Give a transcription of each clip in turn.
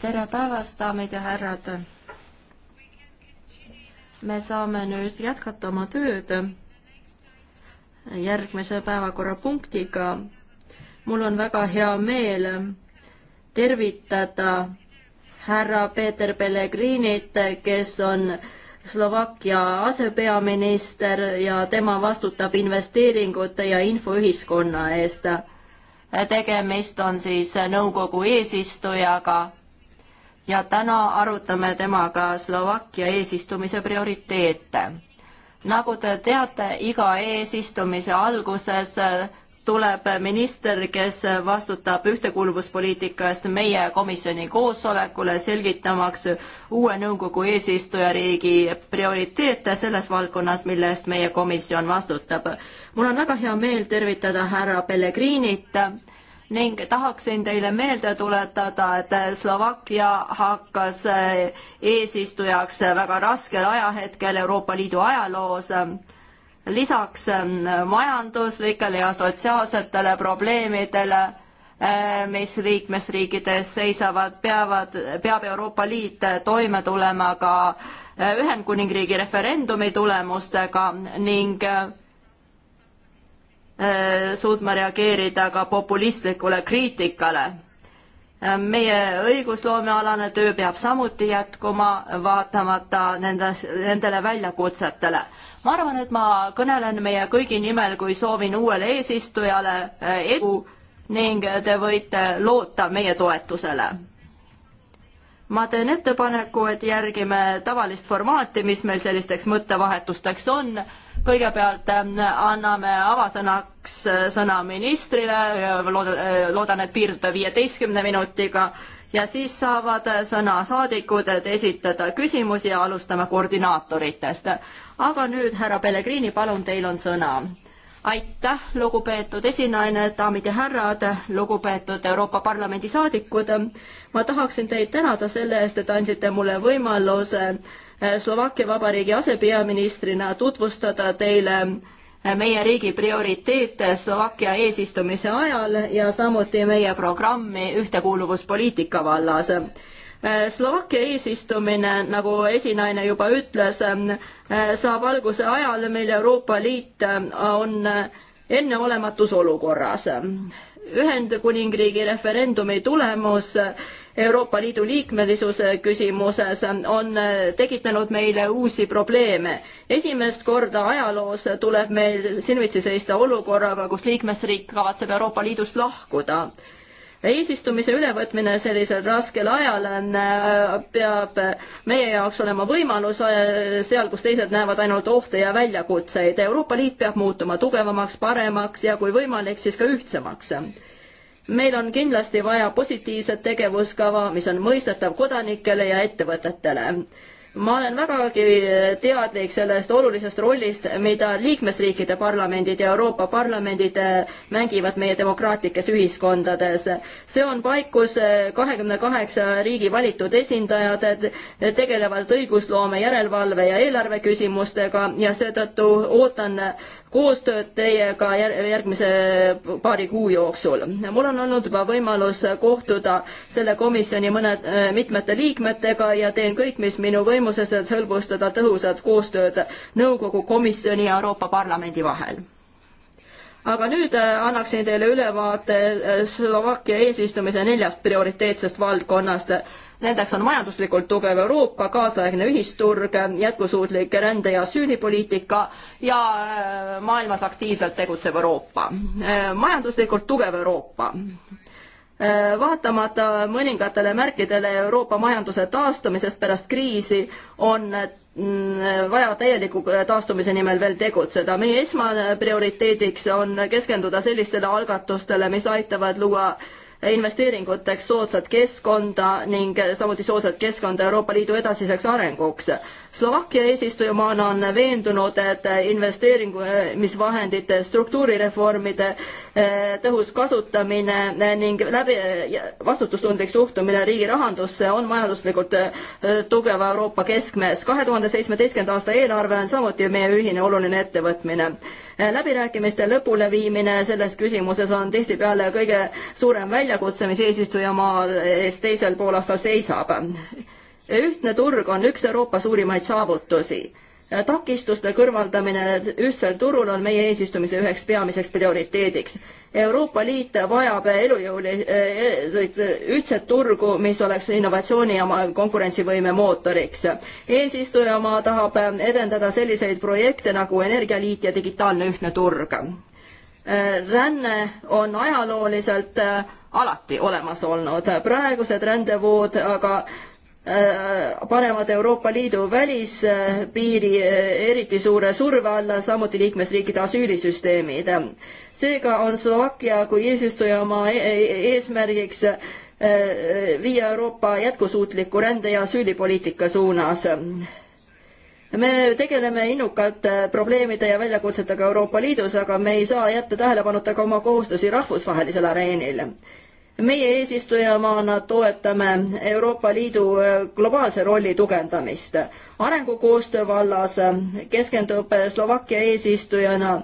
tere päevast, daamid ja härrad. me saame nüüd jätkata oma tööd järgmise päevakorrapunktiga. mul on väga hea meel tervitada härra Peeter Pellegrinit, kes on Slovakkia asepeaminister ja tema vastutab investeeringute ja infoühiskonna eest tegemist on siis nõukogu eesistujaga ja täna arutame temaga Slovakkia eesistumise prioriteete. nagu te teate, iga eesistumise alguses tuleb minister, kes vastutab ühtekuuluvuspoliitika eest meie komisjoni koosolekule, selgitamaks uue nõukogu eesistujariigi prioriteete selles valdkonnas, mille eest meie komisjon vastutab. mul on väga hea meel tervitada härra Pellegrinit ning tahaksin teile meelde tuletada, et Slovakkia hakkas eesistujaks väga raskel ajahetkel Euroopa Liidu ajaloos lisaks ähm, majanduslikele ja sotsiaalsetele probleemidele, äh, mis liikmesriikides seisavad, peavad, peab Euroopa Liit toime tulema ka äh, Ühendkuningriigi referendumi tulemustega ning äh, suutma reageerida ka populistlikule kriitikale meie õigusloomealane töö peab samuti jätkuma, vaatamata nendes, nendele väljakutsetele. ma arvan, et ma kõnelen meie kõigi nimel, kui soovin uuele eesistujale eh, edu ning te võite loota meie toetusele. ma teen ettepaneku, et järgime tavalist formaati, mis meil sellisteks mõttevahetusteks on kõigepealt ähm, anname avasõnaks äh, sõna ministrile, äh, äh, loodan, et piirdute viieteistkümne minutiga ja siis saavad sõna saadikud, et esitada küsimusi ja alustame koordinaatoritest. aga nüüd, härra Pellegrini, palun, teil on sõna. aitäh, lugupeetud esinaine, daamid ja härrad, lugupeetud Euroopa Parlamendi saadikud. ma tahaksin teid tänada selle eest, et andsite mulle võimaluse Äh, Slovakkia Vabariigi asepeaministrina tutvustada teile äh, meie riigi prioriteete Slovakkia eesistumise ajal ja samuti meie programmi ühtekuuluvuspoliitika vallas äh, Slovakkia eesistumine, nagu esinaine juba ütles, saab alguse ajal, mil Euroopa Liit on enneolematus olukorras Ühendkuningriigi referendumi tulemus Euroopa Liidu liikmelisuse küsimuses on tekitanud meile uusi probleeme. esimest korda ajaloos tuleb meil silmitsi seista olukorraga, kus liikmesriik kavatseb Euroopa Liidust lahkuda eesistumise ülevõtmine sellisel raskel ajal äh, peab meie jaoks olema võimalus äh, seal, kus teised näevad ainult ohte ja väljakutseid. Euroopa Liit peab muutuma tugevamaks, paremaks ja kui võimalik, siis ka ühtsemaks meil on kindlasti vaja positiivset tegevuskava, mis on mõistetav kodanikele ja ettevõtetele ma olen vägagi eh, teadlik sellest olulisest rollist, mida liikmesriikide parlamendid ja Euroopa parlamendid eh, mängivad meie demokraatlikes ühiskondades. see on paik, kus eh, kahekümne kaheksa riigi valitud esindajad tegelevad õigusloome, järelevalve ja eelarve küsimustega ja seetõttu ootan koostööd teiega järgmise paari kuu jooksul. mul on olnud juba võimalus kohtuda selle komisjoni mõne, mitmete liikmetega ja teen kõik, mis minu võimuses, et hõlbustada tõhusat koostööd nõukogu, komisjoni ja Euroopa Parlamendi vahel aga nüüd äh, annaksin teile ülevaate äh, Slovakkia eesistumise neljast prioriteetsest valdkonnast, Nendeks on majanduslikult tugev Euroopa, kaasaegne ühisturg, jätkusuutlik rände- ja asüülipoliitika ja äh, maailmas aktiivselt tegutsev Euroopa. Äh, majanduslikult tugev Euroopa äh, vaatamata mõningatele märkidele Euroopa majanduse taastumisest pärast kriisi, on mm, vaja täieliku taastumise nimel veel tegutseda. meie esmane prioriteediks on keskenduda sellistele algatustele, mis aitavad luua investeeringuteks soodsat keskkonda ning samuti soodsat keskkonda Euroopa Liidu edasiseks arenguks. Slovakkia eesistujamaana on veendunud, et investeeringumisvahendite struktuurireformide eh, tõhus kasutamine eh, ning läbi, vastutustundlik suhtumine riigi rahandusse on majanduslikult eh, tugeva Euroopa keskmes. kahe tuhande seitsmeteistkümnenda aasta eelarve on samuti meie ühine oluline ettevõtmine läbirääkimiste lõpuleviimine selles küsimuses on tihtipeale kõige suurem väljakutse, mis eesistujamaa ees teisel poolaastal seisab. ühtne turg on üks Euroopa suurimaid saavutusi takistuste kõrvaldamine ühtsel turul on meie eesistumise üheks peamiseks prioriteediks. Euroopa Liit vajab elujõuli ühtset turgu, mis oleks innovatsiooni ja konkurentsivõime mootoriks. eesistujamaa tahab edendada selliseid projekte nagu Energialiit ja digitaalne ühtne turg. ränne on ajalooliselt alati olemas olnud. praegused rändevood aga Äh, panevad Euroopa Liidu välispiiri äh, eriti suure surve alla, samuti liikmesriikide asüülisüsteemid. seega on Slovakkia kui eesistuja oma e-, e-, eesmärgiks äh, viia Euroopa jätkusuutliku rände- ja asüülipoliitika suunas me tegeleme innukalt probleemide ja väljakutsetega Euroopa Liidus, aga me ei saa jätta tähelepanuta ka oma kohustusi rahvusvahelisel areenil meie eesistujamaana toetame Euroopa Liidu äh, globaalse rolli tugevdamist. arengukoostöö vallas äh, keskendub äh, Slovakkia eesistujana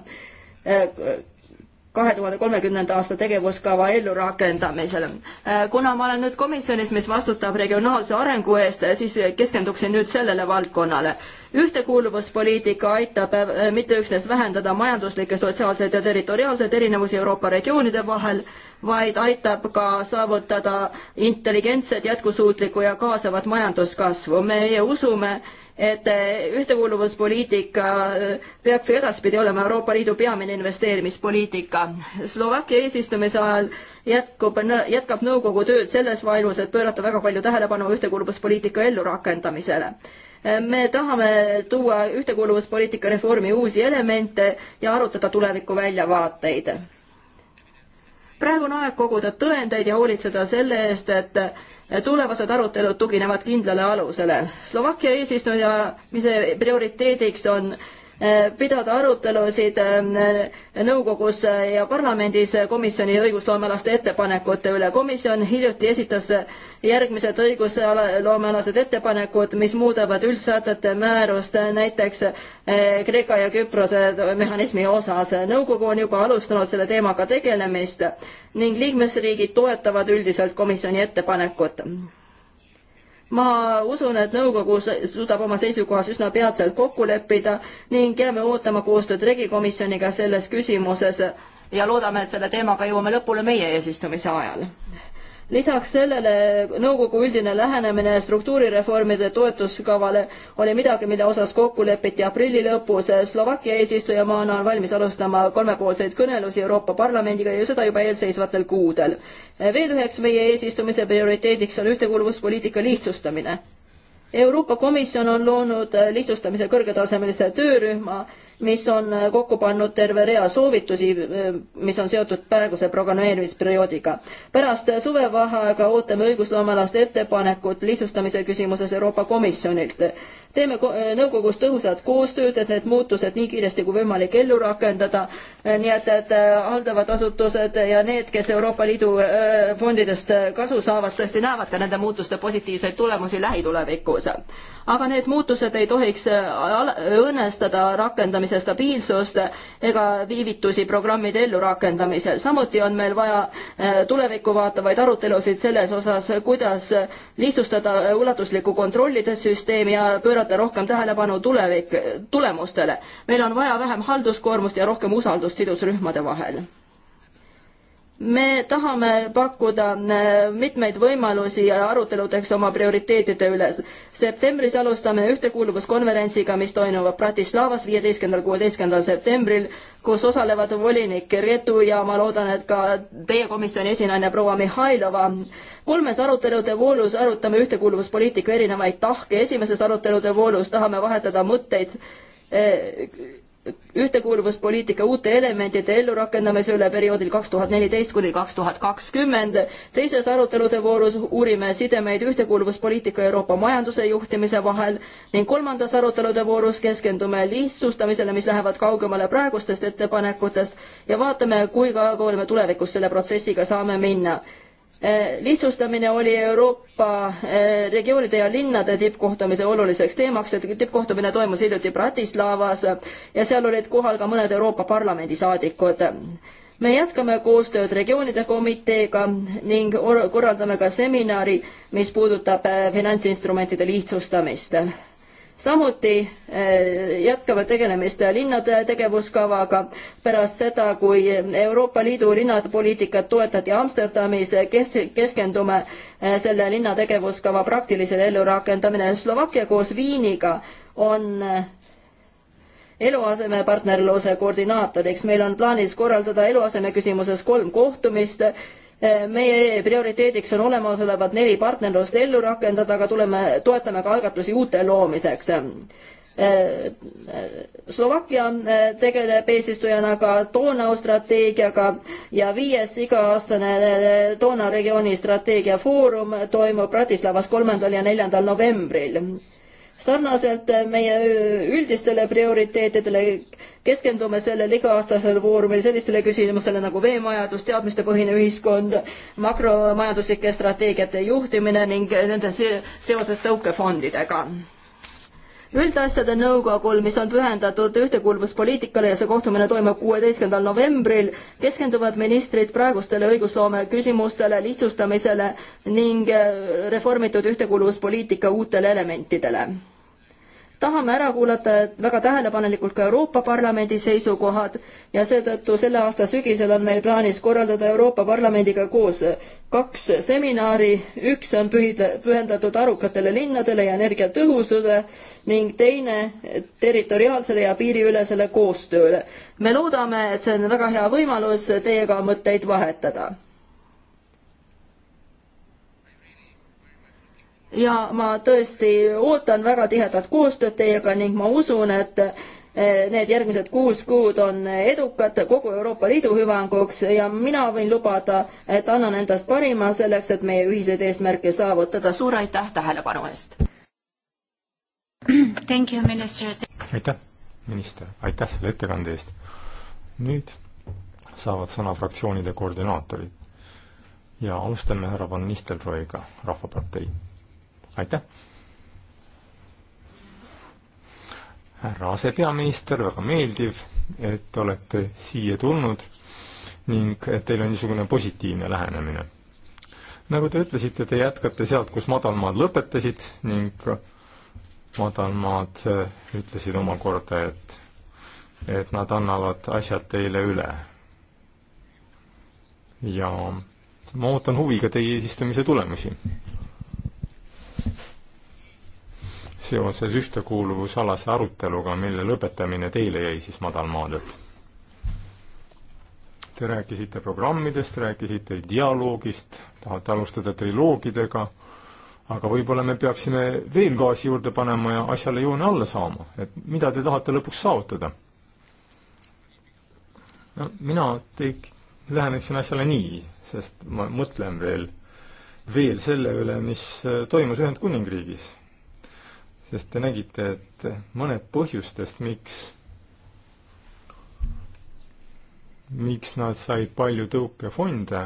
kahe tuhande kolmekümnenda aasta tegevuskava ellurakendamisel. Äh, kuna ma olen nüüd komisjonis, mis vastutab regionaalse arengu eest, äh, siis keskenduksin nüüd sellele valdkonnale ühtekuuluvuspoliitika aitab äh, mitte üksnes vähendada majanduslikke, sotsiaalseid ja territoriaalseid erinevusi Euroopa regioonide vahel, vaid aitab ka saavutada intelligentset, jätkusuutlikku ja kaasavat majanduskasvu. meie usume, et eh, ühtekuuluvuspoliitika eh, peaks edaspidi olema Euroopa Liidu peamine investeerimispoliitika. Slovakkia eesistumise ajal jätkub, jätkab nõukogu tööd selles vaimus, et pöörata väga palju tähelepanu ühtekuuluvuspoliitika ellurakendamisele eh, me tahame tuua ühtekuuluvuspoliitika reformi uusi elemente ja arutada tuleviku väljavaateid praegune aeg koguda tõendeid ja hoolitseda selle eest, et tulevased arutelud tuginevad kindlale alusele. Slovakkia eesistuja, mis prioriteediks on Äh, pidada arutelusid äh, nõukogus äh, ja parlamendis komisjoni õigusloomealaste ettepanekute üle. komisjon hiljuti esitas järgmised õigusloomealased ettepanekud, mis muudavad üldsätete määrust näiteks Kreeka ja Küprose mehhanismi osas. nõukogu on juba alustanud selle teemaga tegelemist ning liikmesriigid toetavad üldiselt komisjoni ettepanekut ma usun, et nõukogu suudab oma seisukohas üsna peatselt kokku leppida ning jääme ootama koostööd regikomisjoniga selles küsimuses ja loodame, et selle teemaga jõuame lõpule meie eesistumise ajal lisaks sellele nõukogu üldine lähenemine struktuurireformide toetuskavale oli midagi, mille osas kokku lepiti aprilli lõpus. Slovakkia eesistujamaana on valmis alustama kolmepoolseid kõnelusi Euroopa Parlamendiga ja seda juba eelseisvatel kuudel. veel üheks meie eesistumise prioriteediks on ühtekuuluvuspoliitika lihtsustamine Euroopa Komisjon on loonud lihtsustamise kõrgetasemelise töörühma mis on äh, kokku pannud terve rea soovitusi, äh, mis on seotud praeguse programmeerimisperioodiga. pärast suvevaheaega ootame õigusloomealaste ettepanekut lihtsustamise küsimuses Euroopa Komisjonilt. teeme äh, nõukogus tõhusat koostööd, et need muutused nii kiiresti kui võimalik ellu rakendada, nii et, et haldavad asutused ja need, kes Euroopa Liidu fondidest kasu saavad, tõesti näevad ka nende muutuste positiivseid tulemusi lähitulevikus. aga need muutused ei tohiks õõnestada rakendamist rahastamise stabiilsust ega viivitusi programmide ellurakendamisel. samuti on meil vaja äh, tulevikku vaatavaid arutelusid selles osas, kuidas lihtsustada ulatuslikku kontrollide süsteemi ja pöörata rohkem tähelepanu tulevik, tulemustele. meil on vaja vähem halduskoormust ja rohkem usaldust sidusrühmade vahel me tahame pakkuda äh, mitmeid võimalusi aruteludeks oma prioriteetide üles. septembris alustame ühtekuuluvuskonverentsiga, mis toimub Bratislavas viieteistkümnendal, kuueteistkümnendal septembril, kus osalevad volinik Retu ja ma loodan, et ka teie komisjoni esinaine proua Mihhailova. kolmes arutelude voolus arutame ühtekuuluvuspoliitika erinevaid tahke, esimeses arutelude voolus tahame vahetada mõtteid äh, ühtekuuluvuspoliitika uute elementide ellurakendamise üle perioodil kaks tuhat neliteist kuni kaks tuhat kakskümmend. teises arutelude voorus uurime sidemeid ühtekuuluvuspoliitika Euroopa majanduse juhtimise vahel ning kolmandas arutelude voorus keskendume lihtsustamisele, mis lähevad kaugemale praegustest ettepanekutest ja vaatame, kui kaugele me tulevikus selle protsessiga saame minna Äh, lihtsustamine oli Euroopa äh, regioonide ja linnade tippkohtumise oluliseks teemaks, et tippkohtumine toimus hiljuti Bratislavas ja seal olid kohal ka mõned Euroopa Parlamendi saadikud. me jätkame koostööd regioonide komiteega ning korraldame ka seminari, mis puudutab äh, finantsinstrumentide lihtsustamist samuti eh, jätkame tegelemist linnade tegevuskavaga pärast seda, kui Euroopa Liidu linnapoliitikat toetati Amsterdamis, keskendume eh, selle linna tegevuskava praktilisele ellurakendamine Slovakkia koos Viiniga on eh, eluasemepartnerluse koordinaatoriks. meil on plaanis korraldada eluaseme küsimuses kolm kohtumist Eh, meie prioriteediks on olemasolevad neli partnerlust ellu rakendada, aga tuleme, toetame ka algatusi uute loomiseks. Eh, Slovakkia eh, tegeleb eesistujana ka Donau strateegiaga ja viies iga-aastane Donau regiooni strateegiafoorum toimub Bratislavas kolmandal ja neljandal novembril sarnaselt meie üldistele prioriteetidele keskendume sellel iga-aastasel foorumil sellistele küsimusele nagu veemajandus, teadmistepõhine ühiskond, makromajanduslike strateegiate juhtimine ning nende seoses tõukefondidega üldasjade nõukogul, mis on pühendatud ühtekuuluvuspoliitikale ja see kohtumine toimub kuueteistkümnendal novembril, keskenduvad ministrid praegustele õigusloome küsimustele, lihtsustamisele ning eh, reformitud ühtekuuluvuspoliitika uutele elementidele tahame ära kuulata väga tähelepanelikult ka Euroopa Parlamendi seisukohad ja seetõttu selle aasta sügisel on meil plaanis korraldada Euroopa Parlamendiga koos kaks seminari, üks on pühida, pühendatud arukatele linnadele ja energiatõhususe ning teine territoriaalsele ja piiriülesele koostööle. me loodame, et see on väga hea võimalus teiega mõtteid vahetada ja ma tõesti ootan väga tihedat koostööd teiega ning ma usun, et eh, need järgmised kuus kuud on edukad kogu Euroopa Liidu hüvanguks ja mina võin lubada, et annan endast parima selleks, et meie ühiseid eesmärke saavutada. suur aitäh tähelepanu eest! aitäh, minister, aitäh selle ettekande eest! nüüd saavad sõna fraktsioonide koordinaatorid ja alustame härra Van Nistelrooiga, Rahvapartei aitäh! härra asepeaminister, väga meeldiv, et olete siia tulnud ning et teil on niisugune positiivne lähenemine. nagu te ütlesite, te jätkate sealt, kus madalmaad lõpetasid ning madalmaad eh, ütlesid omakorda, et, et nad annavad asjad teile üle. ja ma ootan huviga teie eesistumise tulemusi. seoses ühtekuuluvusalase aruteluga, mille lõpetamine teile jäi siis madalmaadelt. Te rääkisite programmidest, rääkisite dialoogist, tahate alustada triloogidega, aga võib-olla me peaksime veel gaasi juurde panema ja asjale joone alla saama, et mida te tahate lõpuks saavutada? no mina teik-, läheneksin asjale nii, sest ma mõtlen veel, veel selle üle, mis toimus Ühendkuningriigis sest te nägite, et mõned põhjustest, miks, miks nad said palju tõukefonde,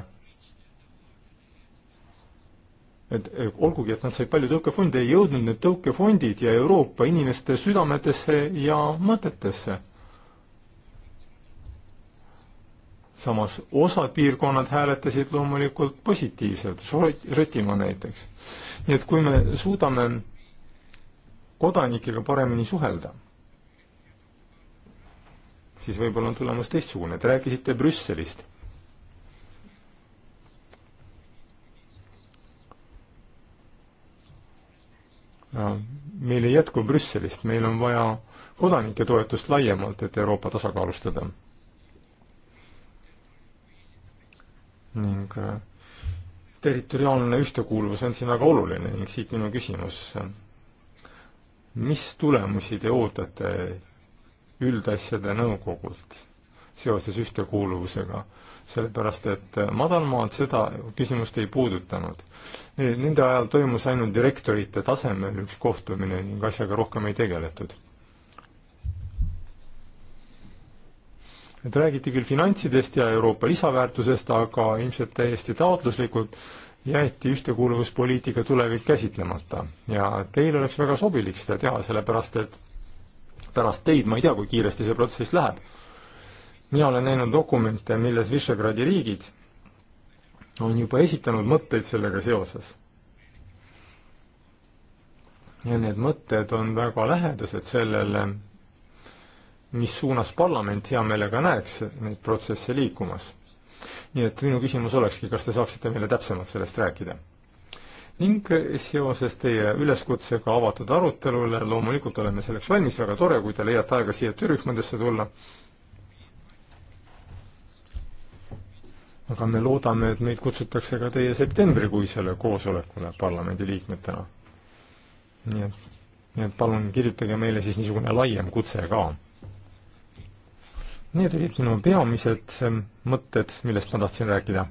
et olgugi, et nad said palju tõukefonde, ei jõudnud need tõukefondid ja Euroopa inimeste südametesse ja mõtetesse samas osad piirkonnad hääletasid loomulikult positiivselt, Šotimaa näiteks. nii et kui me suudame kodanikega paremini suhelda, siis võib-olla on tulemus teistsugune. Te rääkisite Brüsselist. meil ei jätku Brüsselist, meil on vaja kodanike toetust laiemalt, et Euroopa tasakaalustada. ning äh, territoriaalne ühtekuuluvus on siin väga oluline ning siit minu küsimus mis tulemusi te ootate üldasjade nõukogult seoses ühtekuuluvusega? sellepärast, et madalmaad seda küsimust ei puudutanud. Nende ajal toimus ainult direktorite tasemel üks kohtumine ning asjaga rohkem ei tegeletud. et räägiti küll finantsidest ja Euroopa lisaväärtusest, aga ilmselt täiesti taotluslikult äh, jäeti ühtekuuluvuspoliitika tulevik käsitlemata ja teil oleks väga sobilik seda teha, sellepärast et pärast teid ma ei tea, kui kiiresti see protsess läheb. mina olen näinud dokumente, milles Visegradi riigid on juba esitanud mõtteid sellega seoses. ja need mõtted on väga lähedased sellele, mis suunas parlament hea meelega näeks neid protsesse liikumas nii et minu küsimus olekski, kas te saaksite meile täpsemalt sellest rääkida? ning seoses teie üleskutsega avatud arutelule, loomulikult oleme selleks valmis, väga tore, kui te leiate aega siia töörühmadesse tulla. aga me loodame, et meid kutsutakse ka teie septembrikuisele koosolekule parlamendiliikmetena. nii et, nii et palun kirjutage meile siis niisugune laiem kutse ka Need olid minu peamised ähm, mõtted, millest ma tahtsin rääkida.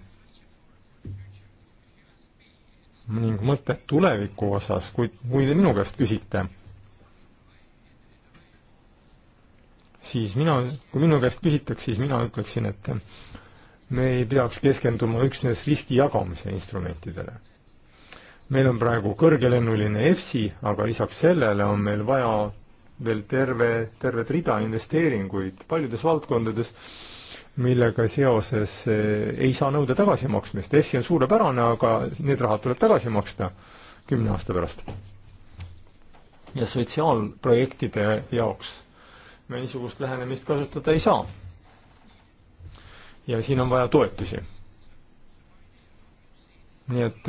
ning mõtted tuleviku osas, kui, kui te minu käest küsite, siis mina, kui minu käest küsitakse, siis mina ütleksin, et äh, me ei peaks keskenduma üksnes riski jagamise instrumentidele. meil on praegu kõrgelennuline EFSI, aga lisaks sellele on meil vaja veel terve, tervet rida investeeringuid paljudes valdkondades, millega seoses eh, ei saa nõuda tagasimaksmist. EFSI on suurepärane, aga need rahad tuleb tagasi maksta kümne aasta pärast. ja sotsiaalprojektide jaoks me niisugust lähenemist kasutada ei saa. ja siin on vaja toetusi. nii et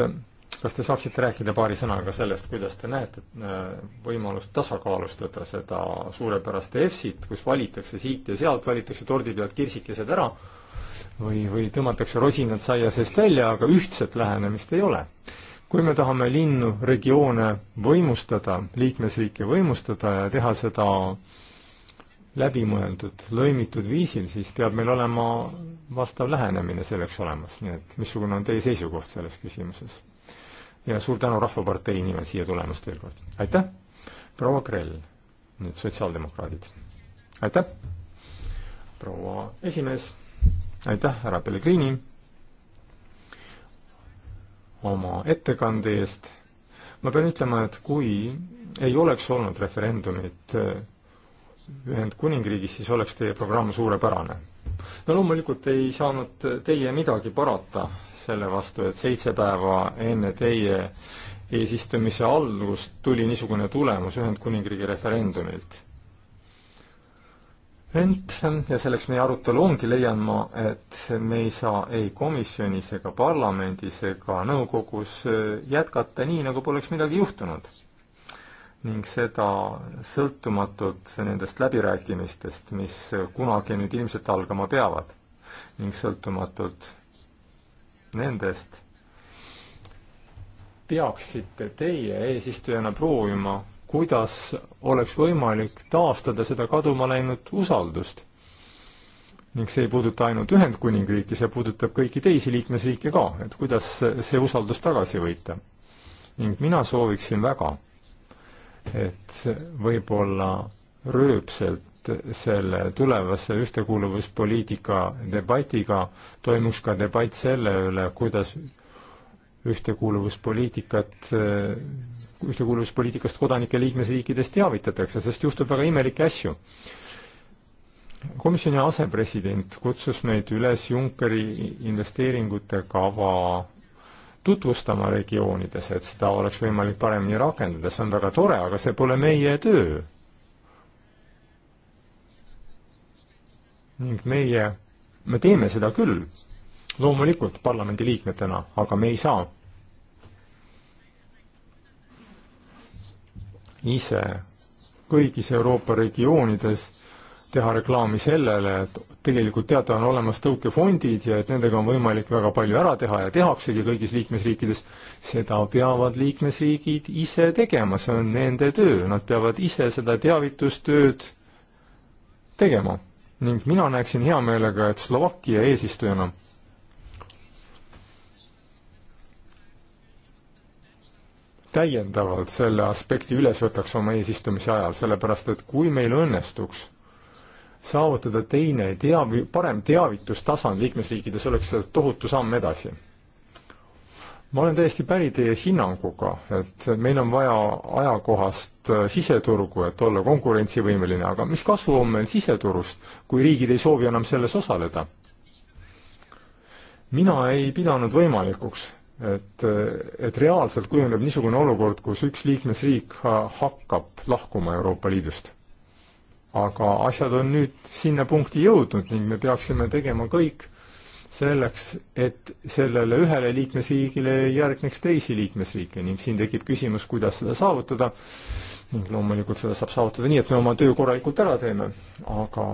kas te saaksite rääkida paari sõnaga sellest, kuidas te näete äh, võimalust tasakaalustada seda suurepärast EFSit, kus valitakse siit ja sealt, valitakse tordi pealt kirsikesed ära või, või tõmmatakse rosinad saia seest välja, aga ühtset lähenemist ei ole. kui me tahame linnu, regioone võimustada, liikmesriike võimustada ja teha seda läbimõeldud, lõimitud viisil, siis peab meil olema vastav lähenemine selleks olemas, nii et missugune on teie seisukoht selles küsimuses? ja suur tänu Rahvapartei nimel siia tulemast veel kord. aitäh, proua Krell, nüüd sotsiaaldemokraadid. aitäh, proua esimees, aitäh, härra Pellegrini, oma ettekande eest. ma pean ütlema, et kui ei oleks olnud referendumit Ühendkuningriigis, siis oleks teie programm suurepärane no loomulikult ei saanud teie midagi parata selle vastu, et seitse päeva enne teie eesistumise algust tuli niisugune tulemus Ühendkuningriigi referendumilt. ent, ja selleks meie arutelu ongi, leian ma, et me ei saa ei komisjonis ega parlamendis ega nõukogus jätkata nii, nagu poleks midagi juhtunud ning seda sõltumatult nendest läbirääkimistest, mis kunagi nüüd ilmselt algama peavad ning sõltumatult nendest peaksite teie eesistujana proovima, kuidas oleks võimalik taastada seda kaduma läinud usaldust. ning see ei puuduta ainult Ühendkuningriiki, see puudutab kõiki teisi liikmesriike ka, et kuidas see usaldus tagasi võita. ning mina sooviksin väga et võib-olla rööpselt selle tulevase ühtekuuluvuspoliitika debatiga toimuks ka debatt selle üle, kuidas ühtekuuluvuspoliitikat, ühtekuuluvuspoliitikast kodanike liikmesriikides teavitatakse, sest juhtub väga imelikke asju. komisjoni asepresident kutsus meid üles Junckeri investeeringute kava tutvustama regioonides, et seda oleks võimalik paremini rakendada, see on väga tore, aga see pole meie töö. ning meie, me teeme seda küll, loomulikult parlamendiliikmetena, aga me ei saa ise kõigis Euroopa regioonides teha reklaami sellele, et tegelikult teada on olemas tõukefondid ja et nendega on võimalik väga palju ära teha ja tehaksegi kõigis liikmesriikides, seda peavad liikmesriigid ise tegema, see on nende töö, nad peavad ise seda teavitustööd tegema. ning mina näeksin hea meelega, et Slovakkia eesistujana täiendavalt selle aspekti üles võtaks oma eesistumise ajal, sellepärast et kui meil õnnestuks saavutada teine teav-, parem teavitustasand liikmesriikides, oleks see tohutu samm edasi. ma olen täiesti päri teie hinnanguga, et meil on vaja ajakohast äh, siseturgu, et olla konkurentsivõimeline, aga mis kasu on meil siseturust, kui riigid ei soovi enam selles osaleda? mina ei pidanud võimalikuks, et, äh, et reaalselt kujuneb niisugune olukord, kus üks liikmesriik hakkab lahkuma Euroopa Liidust aga asjad on nüüd sinna punkti jõudnud ning me peaksime tegema kõik selleks, et sellele ühele liikmesriigile järgneks teisi liikmesriike ning siin tekib küsimus, kuidas seda saavutada ning loomulikult seda saab saavutada nii, et me oma töö korralikult ära teeme, aga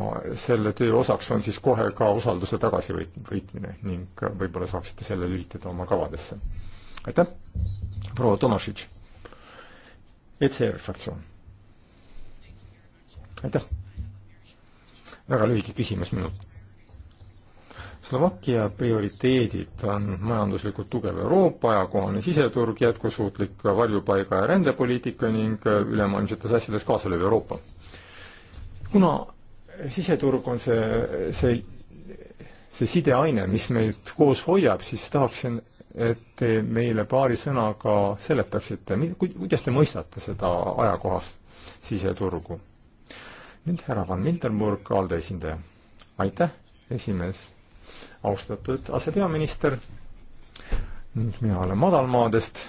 selle töö osaks on siis kohe ka usalduse tagasivõitmine ning võib-olla saaksite selle lülitada oma kavadesse. aitäh, proua Tomašitš, ECR fraktsioon aitäh! väga lühike küsimus minult. Slovakkia prioriteedid on majanduslikult tugev Euroopa, ajakohane siseturg, jätkusuutlik varjupaiga ja rändepoliitika ning ülemaailmsetes asjades kaasalööv Euroopa. kuna siseturg on see, see, see sideaine, mis meid koos hoiab, siis tahaksin, et te meile paari sõnaga seletaksite, kuidas te mõistate seda ajakohast siseturgu nüüd härra Van Miltenburg, ALDE esindaja. aitäh, esimees, austatud asepeaminister. nüüd mina olen Madalmaadest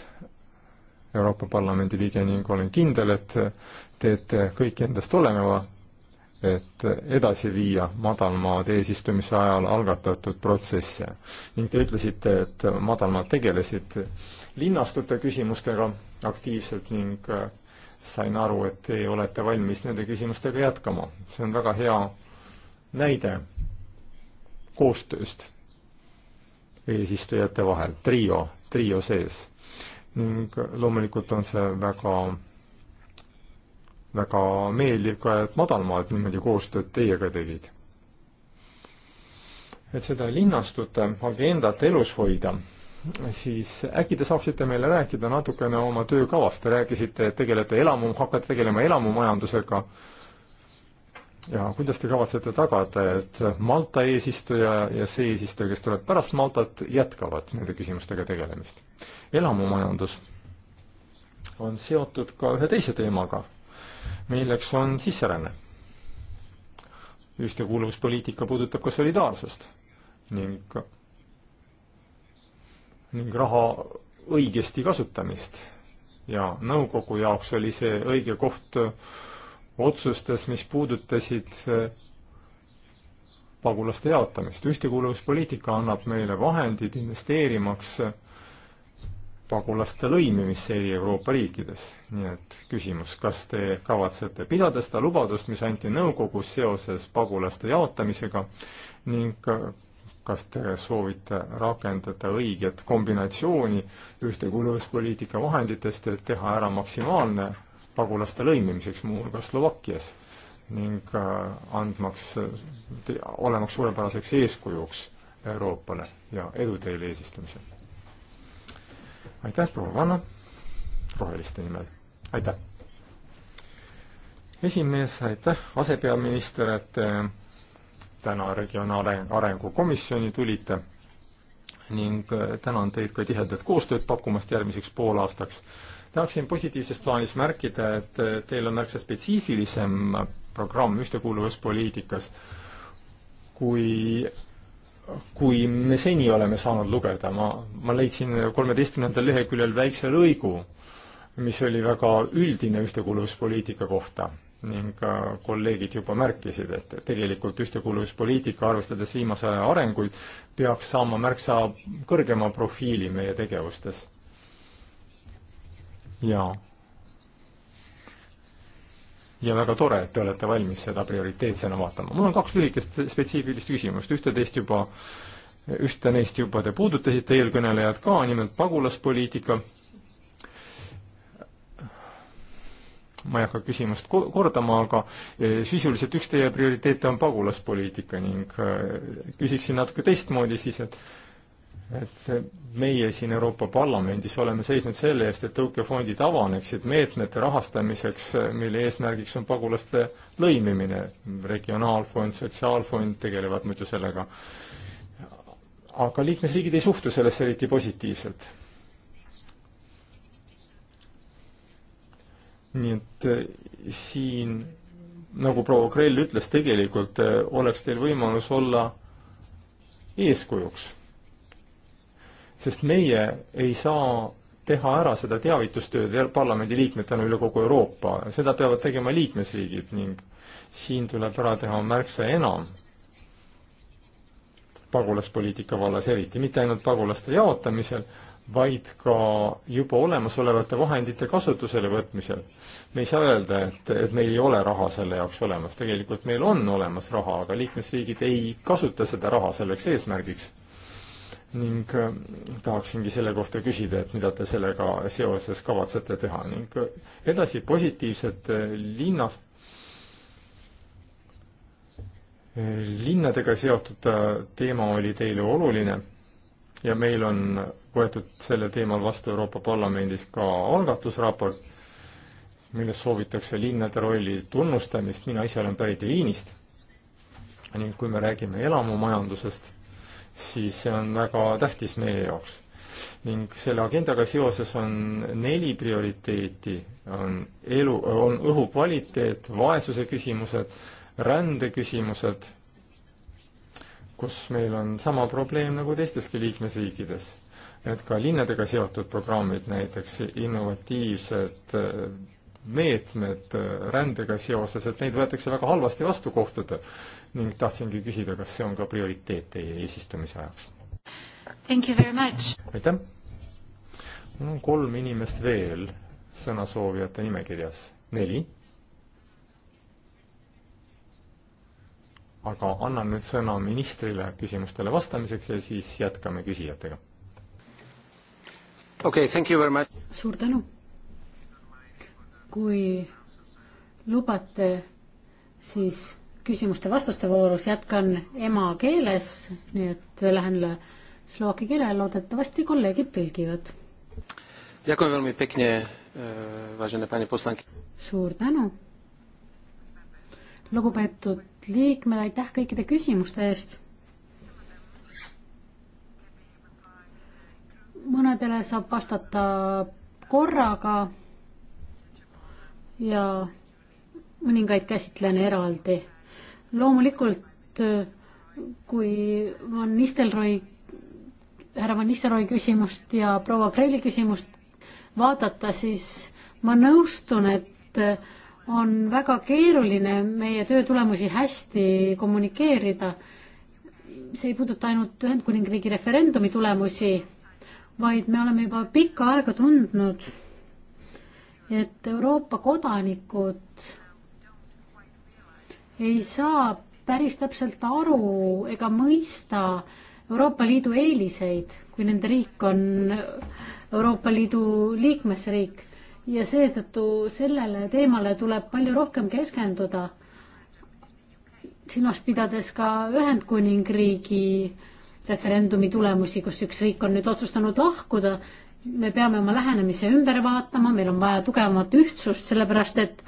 Euroopa Parlamendi liige ning olen kindel, et teete kõik endast oleneva, et edasi viia madalmaad eesistumise ajal algatatud protsesse. ning te ütlesite, et madalmaad tegelesid linnastute küsimustega aktiivselt ning sain aru, et teie olete valmis nende küsimustega jätkama. see on väga hea näide koostööst eesistujate vahel, trio, trio sees. ning loomulikult on see väga, väga meeldiv ka, et madalmaad niimoodi koostööd teiega tegid. et seda linnastute agendat elus hoida siis äkki te saaksite meile rääkida natukene oma töökavast, te rääkisite, et tegelete elamu, hakkate tegelema elamumajandusega ja kuidas te kavatsete tagada, et Malta eesistuja ja see eesistuja, kes tuleb pärast Maltat, jätkavad nende küsimustega tegelemist? elamumajandus on seotud ka ühe teise teemaga, milleks on sisseränne. ühtekuuluvuspoliitika puudutab ka solidaarsust ning ning raha õigesti kasutamist. ja nõukogu jaoks oli see õige koht otsustes, mis puudutasid eh, pagulaste jaotamist. ühtekuuluvuspoliitika annab meile vahendid investeerimaks eh, pagulaste lõimimisse eri Euroopa riikides. nii et küsimus, kas te kavatsete pidada seda lubadust, mis anti nõukogus seoses pagulaste jaotamisega ning eh, kas te soovite rakendada õiget kombinatsiooni ühtekuuluvuspoliitika vahenditest, et teha ära maksimaalne pagulaste lõimimiseks muuhulgas Slovakkias ning äh, andmaks, olemaks suurepäraseks eeskujuks Euroopale ja edu teile eesistumisel. aitäh, proua Vanna, roheliste nimel, aitäh! esimees, aitäh, asepeaminister, et täna Regionaalarengu Komisjoni tulite ning äh, tänan teid ka tihedat koostööd pakkumast järgmiseks poolaastaks. tahaksin positiivses plaanis märkida, et äh, teil on märksa spetsiifilisem programm ühtekuuluvuspoliitikas, kui, kui me seni oleme saanud lugeda. ma, ma leidsin kolmeteistkümnendal leheküljel väikse lõigu, mis oli väga üldine ühtekuuluvuspoliitika kohta ning ka kolleegid juba märkisid, et tegelikult ühtekuuluvuspoliitika, arvestades viimase aja arenguid, peaks saama märksa kõrgema profiili meie tegevustes. jaa. ja väga tore, et te olete valmis seda prioriteetsena vaatama. mul on kaks lühikest spetsiifilist küsimust, ühte-teist juba, ühte neist juba te puudutasite, eelkõnelejad ka, nimelt pagulaspoliitika ma ei hakka küsimust kordama, aga eh, sisuliselt üks teie prioriteete on pagulaspoliitika ning eh, küsiksin natuke teistmoodi siis, et et meie siin Euroopa Parlamendis oleme seisnud selle eest, et tõukefondid avaneksid meetmete rahastamiseks, eh, mille eesmärgiks on pagulaste lõimimine. regionaalfond, sotsiaalfond tegelevad muidu sellega. aga liikmesriigid ei suhtu sellesse eriti positiivselt nii et äh, siin, nagu proua Krell ütles, tegelikult äh, oleks teil võimalus olla eeskujuks. sest meie ei saa teha ära seda teavitustööd parlamendiliikmetena üle kogu Euroopa, seda peavad tegema liikmesriigid ning siin tuleb ära teha märksa enam pagulaspoliitika vallas eriti, mitte ainult pagulaste jaotamisel vaid ka juba olemasolevate vahendite kasutusele võtmisel. me ei saa öelda, et, et meil ei ole raha selle jaoks olemas, tegelikult meil on olemas raha, aga liikmesriigid ei kasuta seda raha selleks eesmärgiks. ning äh, tahaksingi selle kohta küsida, et mida te sellega seoses kavatsete teha ning äh, edasi positiivsed äh, linnad, linnadega seotud teema oli teile oluline ja meil on võetud sellel teemal vastu Euroopa Parlamendis ka algatusraport, milles soovitakse linnade rolli tunnustamist, mina ise olen pärit Viinist ning kui me räägime elamumajandusest, siis see on väga tähtis meie jaoks. ning selle agendaga seoses on neli prioriteeti, on elu, on õhu kvaliteet, vaesuse küsimused, rändeküsimused kus meil on sama probleem nagu teisteski liikmesriikides. et ka linnadega seotud programmid, näiteks innovatiivsed äh, meetmed äh, rändega seoses, et neid võetakse väga halvasti vastu kohtade ning tahtsingi küsida, kas see on ka prioriteet teie eesistumise ajaks? aitäh! mul on kolm inimest veel sõnasoovijate nimekirjas, neli aga annan nüüd sõna ministrile küsimustele vastamiseks ja siis jätkame küsijatega. okei okay,, thank you very much. suur tänu. kui lubate, siis küsimuste-vastuste voorus jätkan emakeeles, nii et lähen slovaki keelele, loodetavasti kolleegid tõlgivad. Äh, suur tänu lugupeetud liikmed, aitäh kõikide küsimuste eest. mõnedele saab vastata korraga ja mõningaid käsitlen eraldi. loomulikult, kui Van Nistelrooy, härra Van Nistelrooy küsimust ja proua Kreili küsimust vaadata, siis ma nõustun, et on väga keeruline meie töö tulemusi hästi kommunikeerida. see ei puuduta ainult Ühendkuningriigi referendumi tulemusi, vaid me oleme juba pikka aega tundnud, et Euroopa kodanikud ei saa päris täpselt aru ega mõista Euroopa Liidu eeliseid, kui nende riik on Euroopa Liidu liikmesriik ja seetõttu sellele teemale tuleb palju rohkem keskenduda, silmas pidades ka Ühendkuningriigi referendumi tulemusi, kus üks riik on nüüd otsustanud lahkuda, me peame oma lähenemise ümber vaatama, meil on vaja tugevamat ühtsust, sellepärast et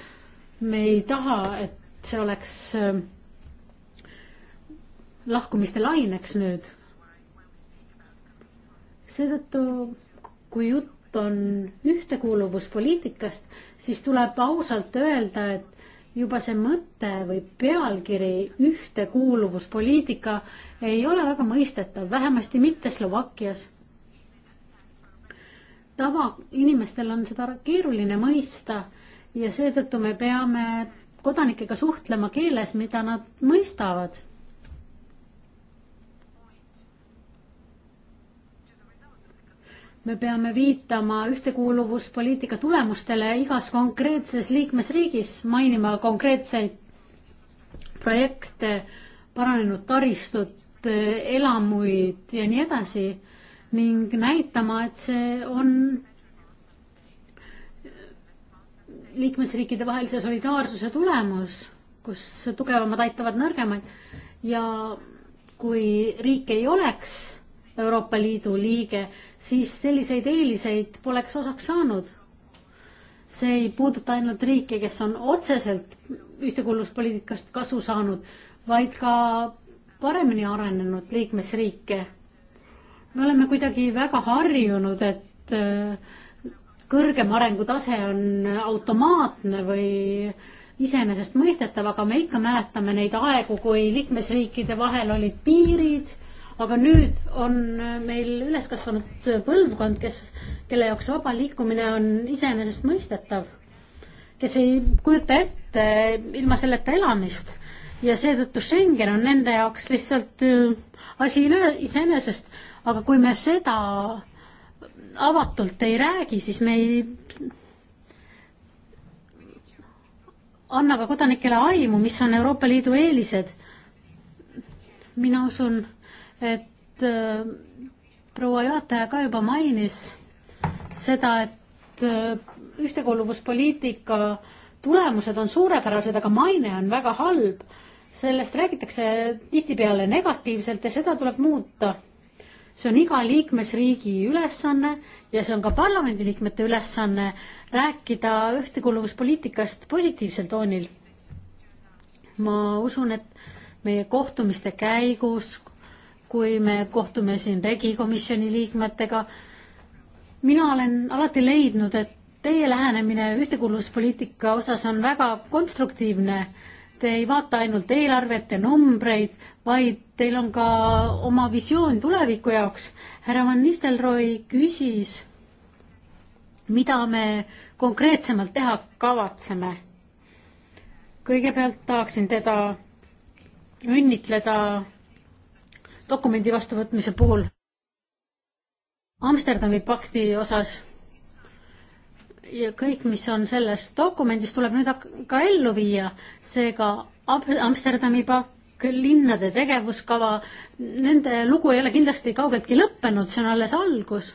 me ei taha, et see oleks äh, lahkumiste laineks nüüd. seetõttu, kui jutt on ühtekuuluvuspoliitikast, siis tuleb ausalt öelda, et juba see mõte või pealkiri ühtekuuluvuspoliitika ei ole väga mõistetav, vähemasti mitte Slovakkias. tavainimestel on seda keeruline mõista ja seetõttu me peame kodanikega suhtlema keeles, mida nad mõistavad me peame viitama ühtekuuluvuspoliitika tulemustele igas konkreetses liikmesriigis, mainima konkreetseid projekte, paranenud taristut, elamuid ja nii edasi ning näitama, et see on liikmesriikide vahelise solidaarsuse tulemus, kus tugevamad aitavad nõrgemaid ja kui riike ei oleks Euroopa Liidu liige, siis selliseid eeliseid poleks osaks saanud. see ei puuduta ainult riike, kes on otseselt ühtekuuluvuspoliitikast kasu saanud, vaid ka paremini arenenud liikmesriike. me oleme kuidagi väga harjunud, et äh, kõrgem arengutase on automaatne või iseenesestmõistetav, aga me ikka mäletame neid aegu, kui liikmesriikide vahel olid piirid aga nüüd on äh, meil üles kasvanud põlvkond, kes, kelle jaoks vaba liikumine on iseenesestmõistetav, kes ei kujuta ette ilma selleta elamist ja seetõttu Schengen on nende jaoks lihtsalt äh, asi iseenesest, aga kui me seda avatult ei räägi, siis me ei anna ka kodanikele aimu, mis on Euroopa Liidu eelised mina usun, et äh, proua juhataja ka juba mainis seda, et äh, ühtekuuluvuspoliitika tulemused on suurepärased, aga maine on väga halb. sellest räägitakse tihtipeale negatiivselt ja seda tuleb muuta. see on iga liikmesriigi ülesanne ja see on ka parlamendiliikmete ülesanne rääkida ühtekuuluvuspoliitikast positiivsel toonil. ma usun, et meie kohtumiste käigus, kui me kohtume siin regikomisjoni liikmetega. mina olen alati leidnud, et teie lähenemine ühtekuuluvuspoliitika osas on väga konstruktiivne. Te ei vaata ainult eelarvete numbreid, vaid teil on ka oma visioon tuleviku jaoks. härra Van Nistelrooy küsis, mida me konkreetsemalt teha kavatseme. kõigepealt tahaksin teda õnnitleda dokumendi vastuvõtmise puhul Amsterdami pakti osas ja kõik, mis on selles dokumendis, tuleb nüüd ka ellu viia, seega Amsterdami pakk, linnade tegevuskava, nende lugu ei ole kindlasti kaugeltki lõppenud, see on alles algus.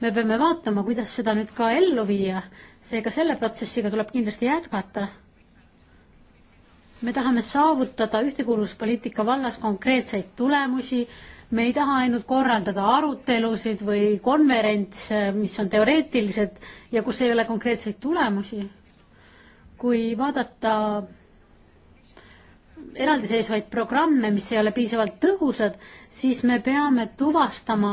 me peame vaatama, kuidas seda nüüd ka ellu viia, seega selle protsessiga tuleb kindlasti jätkata me tahame saavutada ühtekuuluvuspoliitika vallas konkreetseid tulemusi, me ei taha ainult korraldada arutelusid või konverentse, mis on teoreetilised ja kus ei ole konkreetseid tulemusi. kui vaadata eraldiseisvaid programme, mis ei ole piisavalt tõhusad, siis me peame tuvastama,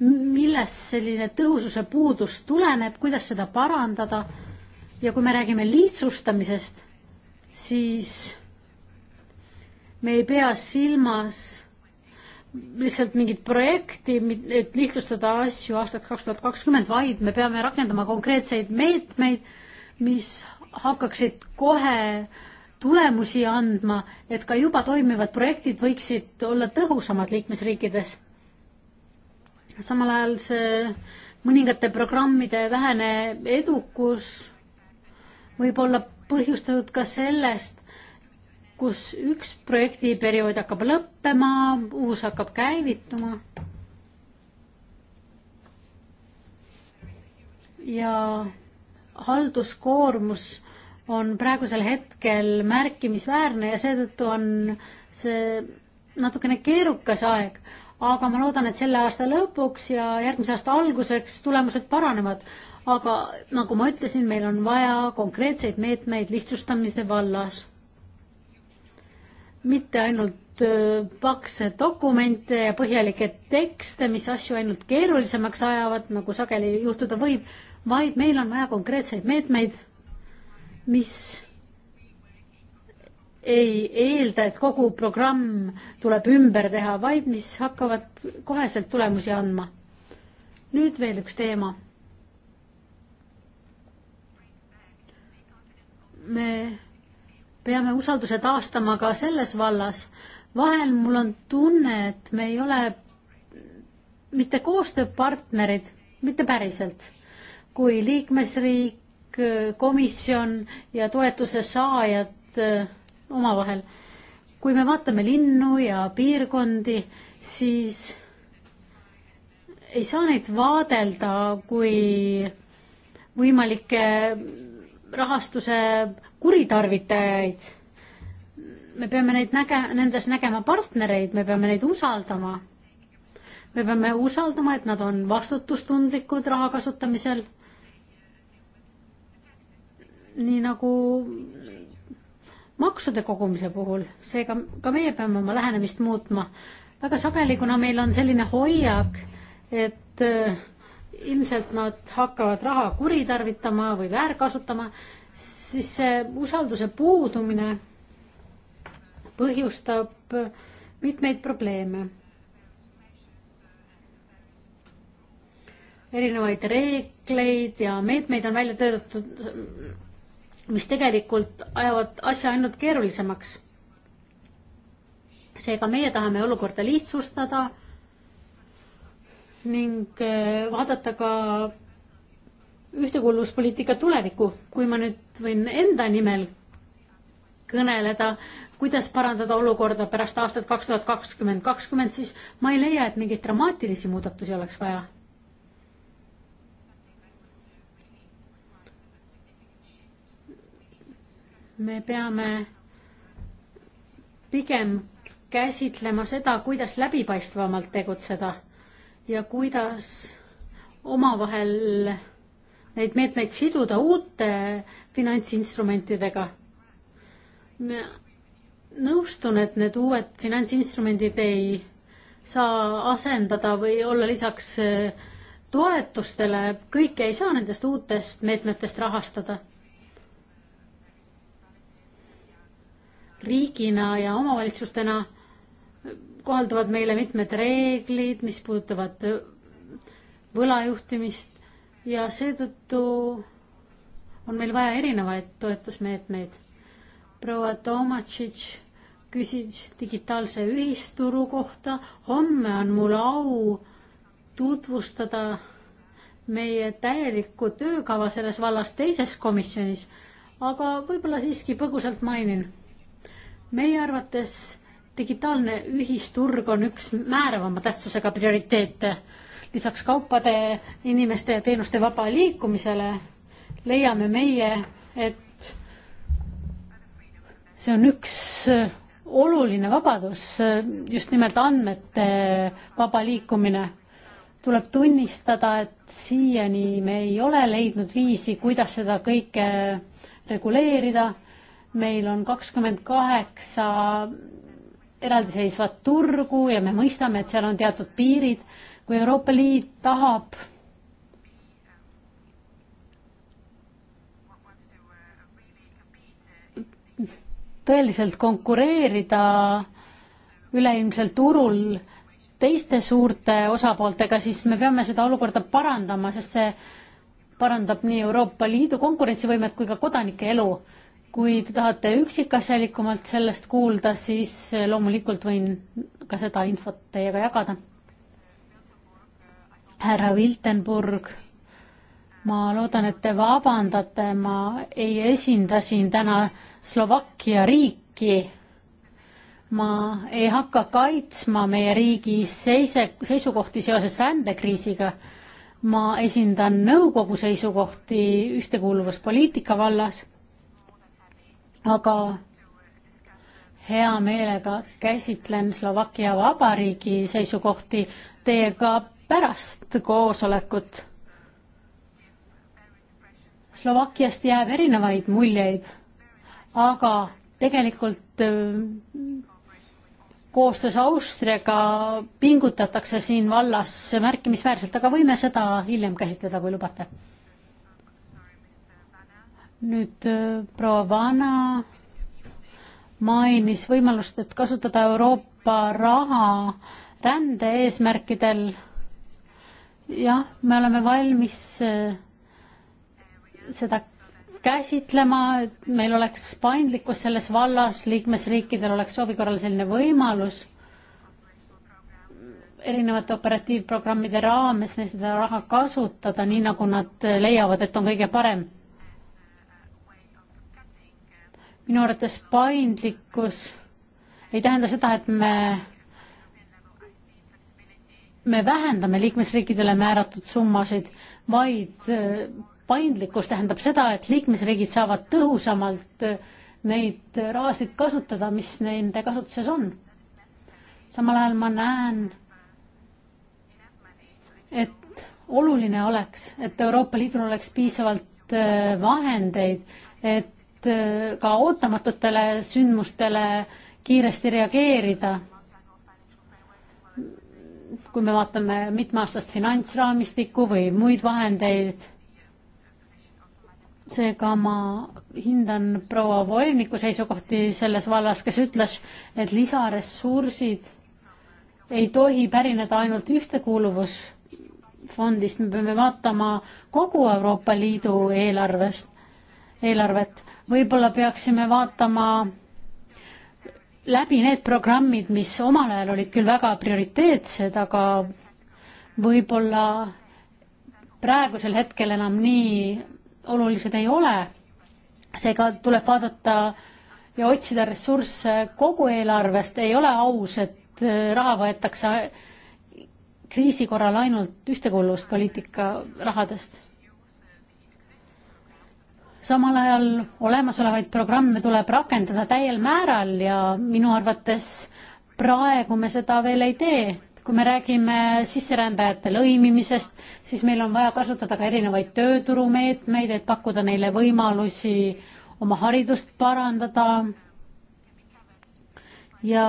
millest selline tõhususe puudus tuleneb, kuidas seda parandada. ja kui me räägime lihtsustamisest, siis me ei pea silmas lihtsalt mingit projekti, et lihtsustada asju aastaks kaks tuhat kakskümmend, vaid me peame rakendama konkreetseid meetmeid, mis hakkaksid kohe tulemusi andma, et ka juba toimivad projektid võiksid olla tõhusamad liikmesriikides. samal ajal see mõningate programmide vähene edukus võib olla põhjustatud ka sellest, kus üks projektiperiood hakkab lõppema, uus hakkab käivituma. ja halduskoormus on praegusel hetkel märkimisväärne ja seetõttu on see natukene keerukas aeg, aga ma loodan, et selle aasta lõpuks ja järgmise aasta alguseks tulemused paranevad. aga nagu ma ütlesin, meil on vaja konkreetseid meetmeid lihtsustamise vallas mitte ainult pakse dokumente ja põhjalikke tekste, mis asju ainult keerulisemaks ajavad, nagu sageli juhtuda võib, vaid meil on vaja konkreetseid meetmeid, mis ei eelda, et kogu programm tuleb ümber teha, vaid mis hakkavad koheselt tulemusi andma. nüüd veel üks teema. me peame usalduse taastama ka selles vallas. vahel mul on tunne, et me ei ole mitte koostööpartnerid, mitte päriselt. kui liikmesriik, komisjon ja toetuse saajad eh, omavahel, kui me vaatame linnu ja piirkondi, siis ei saa neid vaadelda kui võimalikke rahastuse kuritarvitajaid. me peame neid näge-, nendes nägema partnereid, me peame neid usaldama. me peame usaldama, et nad on vastutustundlikud raha kasutamisel. nii nagu maksude kogumise puhul, seega ka meie peame oma lähenemist muutma. väga sageli, kuna meil on selline hoiak, et äh, ilmselt nad hakkavad raha kuritarvitama või väärkasutama, siis see usalduse puudumine põhjustab mitmeid probleeme. erinevaid reegleid ja meetmeid on välja töötatud, mis tegelikult ajavad asja ainult keerulisemaks. seega meie tahame olukorda lihtsustada ning äh, vaadata ka ühtekuuluvuspoliitika tulevikku. kui ma nüüd võin enda nimel kõneleda, kuidas parandada olukorda pärast aastat kaks tuhat kakskümmend kakskümmend, siis ma ei leia, et mingeid dramaatilisi muudatusi oleks vaja. me peame pigem käsitlema seda, kuidas läbipaistvamalt tegutseda ja kuidas omavahel neid meetmeid siduda uute finantsinstrumentidega. nõustun, et need uued finantsinstrumendid ei saa asendada või olla lisaks eh, toetustele, kõike ei saa nendest uutest meetmetest rahastada. riigina ja omavalitsustena kohalduvad meile mitmed reeglid, mis puudutavad äh, võlajuhtimist ja seetõttu on meil vaja erinevaid toetusmeetmeid. proua Tomatšitš küsis digitaalse ühisturu kohta. homme on mul au tutvustada meie täielikku töökava selles vallas teises komisjonis, aga võib-olla siiski põgusalt mainin. meie arvates digitaalne ühisturg on üks määravama tähtsusega prioriteete. lisaks kaupade, inimeste ja teenuste vaba liikumisele leiame meie, et see on üks oluline vabadus, just nimelt andmete vaba liikumine. tuleb tunnistada, et siiani me ei ole leidnud viisi, kuidas seda kõike reguleerida. meil on kakskümmend kaheksa eraldiseisvat turgu ja me mõistame, et seal on teatud piirid. kui Euroopa Liit tahab tõeliselt konkureerida üleilmsel turul teiste suurte osapooltega, siis me peame seda olukorda parandama, sest see parandab nii Euroopa Liidu konkurentsivõimet kui ka kodanike elu kui te tahate üksikasjalikumalt sellest kuulda, siis äh, loomulikult võin ka seda infot teiega jagada. härra Wiltenburg, ma loodan, et te vabandate, ma ei esinda siin täna Slovakkia riiki. ma ei hakka kaitsma meie riigi seise, seisukohti seoses rändekriisiga. ma esindan nõukogu seisukohti ühtekuuluvuspoliitika vallas aga hea meelega käsitlen Slovakkia Vabariigi seisukohti teiega pärast koosolekut. Slovakkiast jääb erinevaid muljeid, aga tegelikult äh, koostöös Austriaga pingutatakse siin vallas märkimisväärselt, aga võime seda hiljem käsitleda, kui lubate nüüd äh, proua Vana mainis võimalust, et kasutada Euroopa raha rände eesmärkidel. jah, me oleme valmis äh, seda käsitlema, et meil oleks paindlikkus selles vallas, liikmesriikidel oleks soovi korral selline võimalus erinevate operatiivprogrammide raames seda raha kasutada, nii nagu nad leiavad, et on kõige parem minu arvates paindlikkus ei tähenda seda, et me, me vähendame liikmesriikidele määratud summasid, vaid äh, paindlikkus tähendab seda, et liikmesriigid saavad tõhusamalt äh, neid rahasid kasutada, mis nende kasutuses on. samal ajal ma näen, et oluline oleks, et Euroopa Liidul oleks piisavalt äh, vahendeid, et et äh, ka ootamatutele sündmustele kiiresti reageerida. kui me vaatame mitmeaastast finantsraamistikku või muid vahendeid, seega ma hindan proua voliniku seisukohti selles vallas, kes ütles, et lisaressursid ei tohi pärineda ainult ühtekuuluvusfondist, me peame vaatama kogu Euroopa Liidu eelarvest, eelarvet võib-olla peaksime vaatama läbi need programmid, mis omal ajal olid küll väga prioriteetsed, aga võib-olla praegusel hetkel enam nii olulised ei ole. seega tuleb vaadata ja otsida ressursse kogu eelarvest, ei ole aus, et äh, raha võetakse kriisi korral ainult ühtekuuluvuspoliitika rahadest samal ajal olemasolevaid programme tuleb rakendada täiel määral ja minu arvates praegu me seda veel ei tee. kui me räägime sisserändajate lõimimisest, siis meil on vaja kasutada ka erinevaid tööturumeetmeid, et pakkuda neile võimalusi oma haridust parandada. ja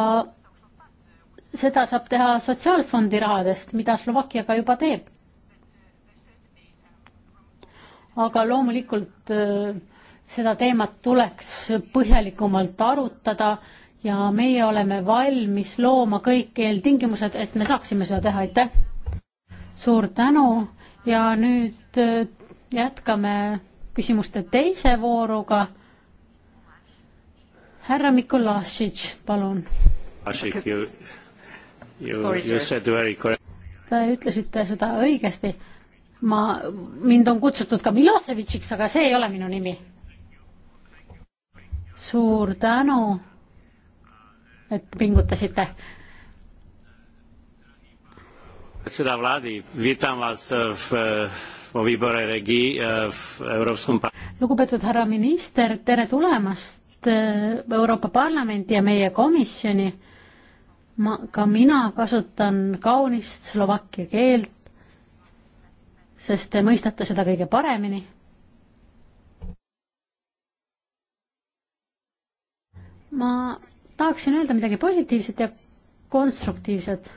seda saab teha sotsiaalfondi rahadest, mida Slovakkia ka juba teeb aga loomulikult äh, seda teemat tuleks põhjalikumalt arutada ja meie oleme valmis looma kõik eeltingimused, et me saaksime seda teha, aitäh! suur tänu ja nüüd äh, jätkame küsimuste teise vooruga. härra Mikulašič, palun. Te ütlesite seda õigesti ma, mind on kutsutud ka Milosevitšiks, aga see ei ole minu nimi. suur tänu, et pingutasite. seda Vladi, vitan vas v, v výbore regi eh, v Európskom lugupeetud härra minister, tere tulemast eh, Euroopa Parlamenti ja meie komisjoni. ma, ka mina kasutan kaunist slovakkia keelt sest te mõistate seda kõige paremini. ma tahaksin öelda midagi positiivset ja konstruktiivset.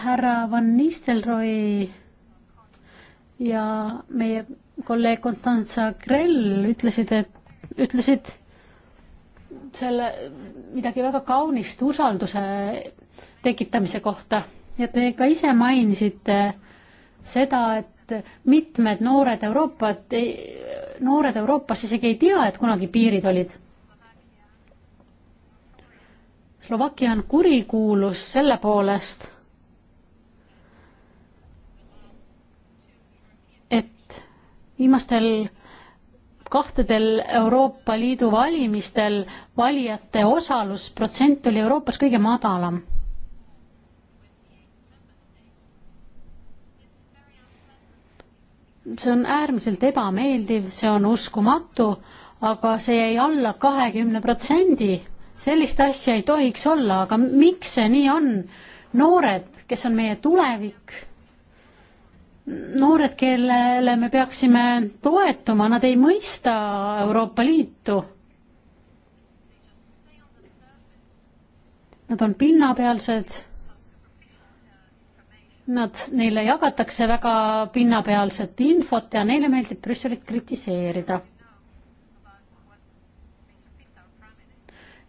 härra Van Nistelrooy ja meie kolleeg Konstanza Krell ütlesid, et, ütlesid selle midagi väga kaunist usalduse tekitamise kohta ja te ka ise mainisite seda, et mitmed noored Euroopat, noored Euroopas isegi ei tea, et kunagi piirid olid. Slovakkia on kurikuulus selle poolest, et viimastel kahtedel Euroopa Liidu valimistel valijate osalusprotsent oli Euroopas kõige madalam see on äärmiselt ebameeldiv, see on uskumatu, aga see jäi alla kahekümne protsendi. sellist asja ei tohiks olla, aga miks see nii on? noored, kes on meie tulevik, noored, kellele me peaksime toetuma, nad ei mõista Euroopa Liitu. Nad on pinnapealsed Nad, neile jagatakse väga pinnapealset infot ja neile meeldib Brüsselit kritiseerida.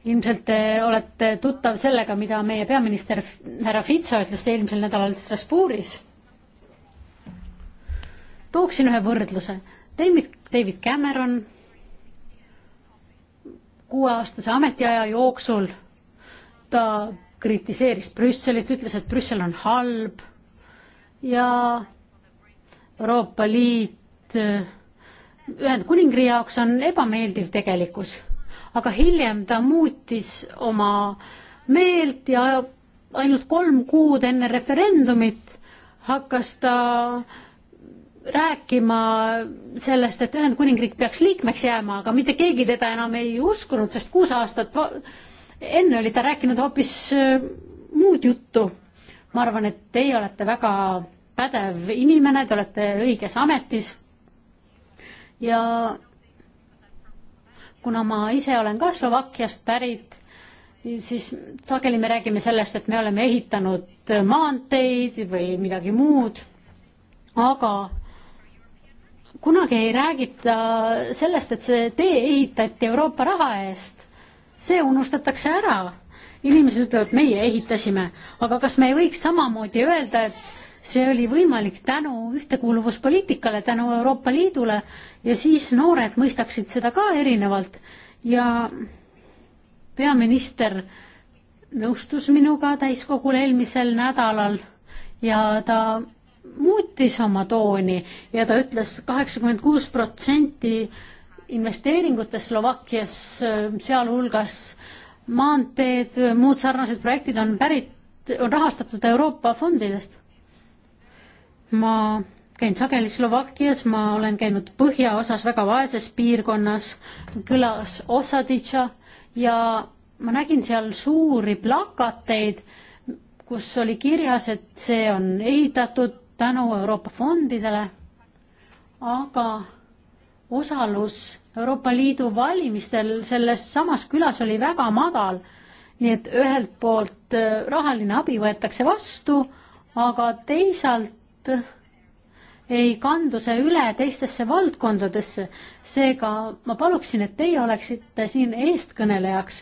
ilmselt te olete tuttav sellega, mida meie peaminister härra Fitso ütles eelmisel nädalal Strasbourgis. tooksin ühe võrdluse. David, David Cameron kuueaastase ametiaja jooksul ta kritiseeris Brüsselit, ütles, et Brüssel on halb ja Euroopa Liit Ühendkuningriigi jaoks on ebameeldiv tegelikkus, aga hiljem ta muutis oma meelt ja ainult kolm kuud enne referendumit hakkas ta rääkima sellest, et Ühendkuningriik peaks liikmeks jääma, aga mitte keegi teda enam ei uskunud, sest kuus aastat enne oli ta rääkinud hoopis äh, muud juttu ma arvan, et teie olete väga pädev inimene, te olete õiges ametis ja kuna ma ise olen ka Slovakkiast pärit, siis sageli me räägime sellest, et me oleme ehitanud maanteid või midagi muud, aga kunagi ei räägita sellest, et see tee ehitati Euroopa raha eest. see unustatakse ära inimesed ütlevad, meie ehitasime, aga kas me ei võiks samamoodi öelda, et see oli võimalik tänu ühtekuuluvuspoliitikale, tänu Euroopa Liidule ja siis noored mõistaksid seda ka erinevalt ja peaminister nõustus minuga täiskogul eelmisel nädalal ja ta muutis oma tooni ja ta ütles kaheksakümmend kuus protsenti investeeringutes Slovakkias, sealhulgas maanteed, muud sarnased projektid on pärit, on rahastatud Euroopa fondidest. ma käin sageli Slovakkias, ma olen käinud põhjaosas väga vaeses piirkonnas, külas Osaditša ja ma nägin seal suuri plakateid, kus oli kirjas, et see on ehitatud tänu Euroopa fondidele, aga osalus Euroopa Liidu valimistel selles samas külas oli väga madal. nii et ühelt poolt äh, rahaline abi võetakse vastu, aga teisalt äh, ei kandu see üle teistesse valdkondadesse. seega ma paluksin, et teie oleksite siin eestkõnelejaks.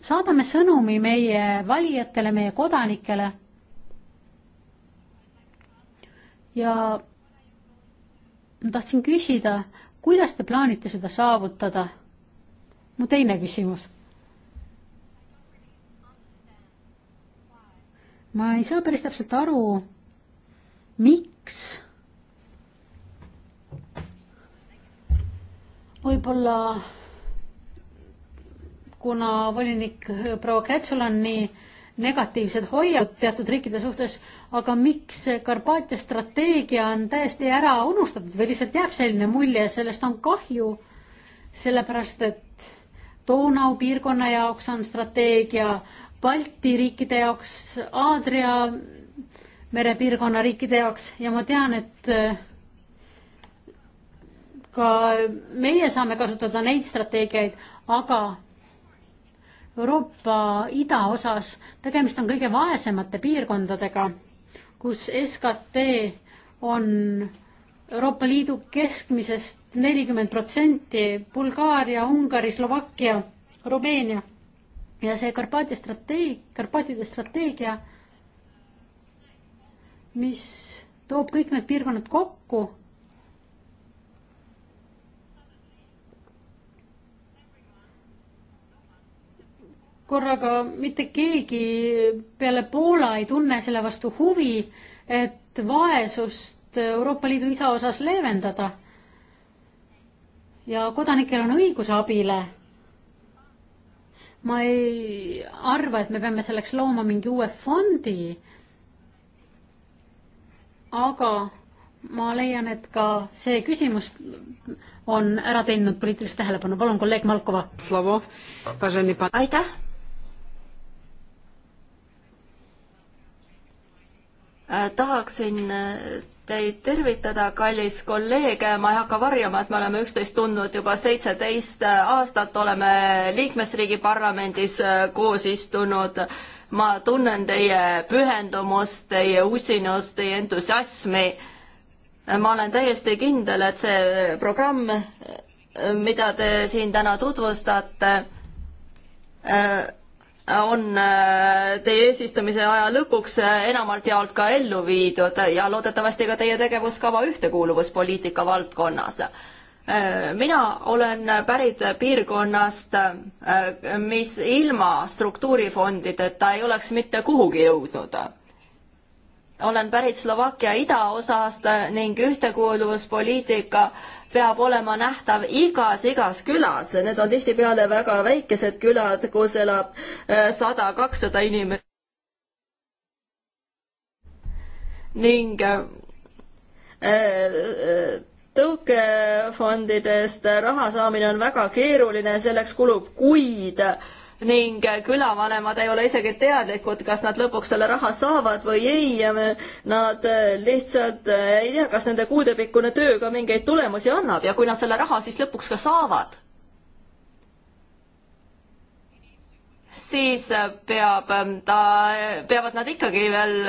saadame sõnumi meie valijatele, meie kodanikele. ja ma tahtsin küsida kuidas te plaanite seda saavutada? mu teine küsimus. ma ei saa päris täpselt aru, miks võib-olla kuna volinik proua Kretsul on nii negatiivsed hoiakud teatud riikide suhtes, aga miks Karpaatia strateegia on täiesti ära unustatud või lihtsalt jääb selline mulje, sellest on kahju, sellepärast et Donau piirkonna jaoks on strateegia, Balti riikide jaoks, Aadria merepiirkonna riikide jaoks ja ma tean, et ka meie saame kasutada neid strateegiaid, aga Euroopa idaosas, tegemist on kõige vaesemate piirkondadega, kus SKT on Euroopa Liidu keskmisest nelikümmend protsenti, Bulgaaria, Ungari, Slovakkia, Rumeenia ja see Karpaatia strateeg-, Karpaatide strateegia, mis toob kõik need piirkonnad kokku korraga mitte keegi peale Poola ei tunne selle vastu huvi, et vaesust Euroopa Liidu isa osas leevendada. ja kodanikel on õigus abile. ma ei arva, et me peame selleks looma mingi uue fondi. aga ma leian, et ka see küsimus on ära teeninud poliitilist tähelepanu. palun, kolleeg Malkova. aitäh Äh, tahaksin äh, teid tervitada, kallis kolleeg, ma ei hakka varjama, et me oleme üksteist tundnud juba seitseteist äh, aastat, oleme liikmesriigi parlamendis koos istunud. ma tunnen teie pühendumust, teie usinust, teie entusiasmi. ma olen täiesti kindel, et see programm, mida te siin täna tutvustate, on äh, teie eesistumise aja lõpuks äh, enamalt jaolt ka ellu viidud ja loodetavasti ka teie tegevuskava ühtekuuluvuspoliitika valdkonnas. Äh, mina olen pärit piirkonnast, mis ilma struktuurifondideta ei oleks mitte kuhugi jõudnud olen pärit Slovakkia idaosast äh, ning ühtekuuluvuspoliitika peab olema nähtav igas, igas külas. Need on tihtipeale väga väikesed külad, kus elab äh, sada, kakssada inimest. ning äh, tõukefondidest raha saamine on väga keeruline, selleks kulub kuid ning külavanemad ei ole isegi teadlikud, kas nad lõpuks selle raha saavad või ei ja nad äh, lihtsalt äh, ei tea, kas nende kuudepikkune töö ka mingeid tulemusi annab ja kui nad selle raha siis lõpuks ka saavad, siis äh, peab ta, peavad nad ikkagi veel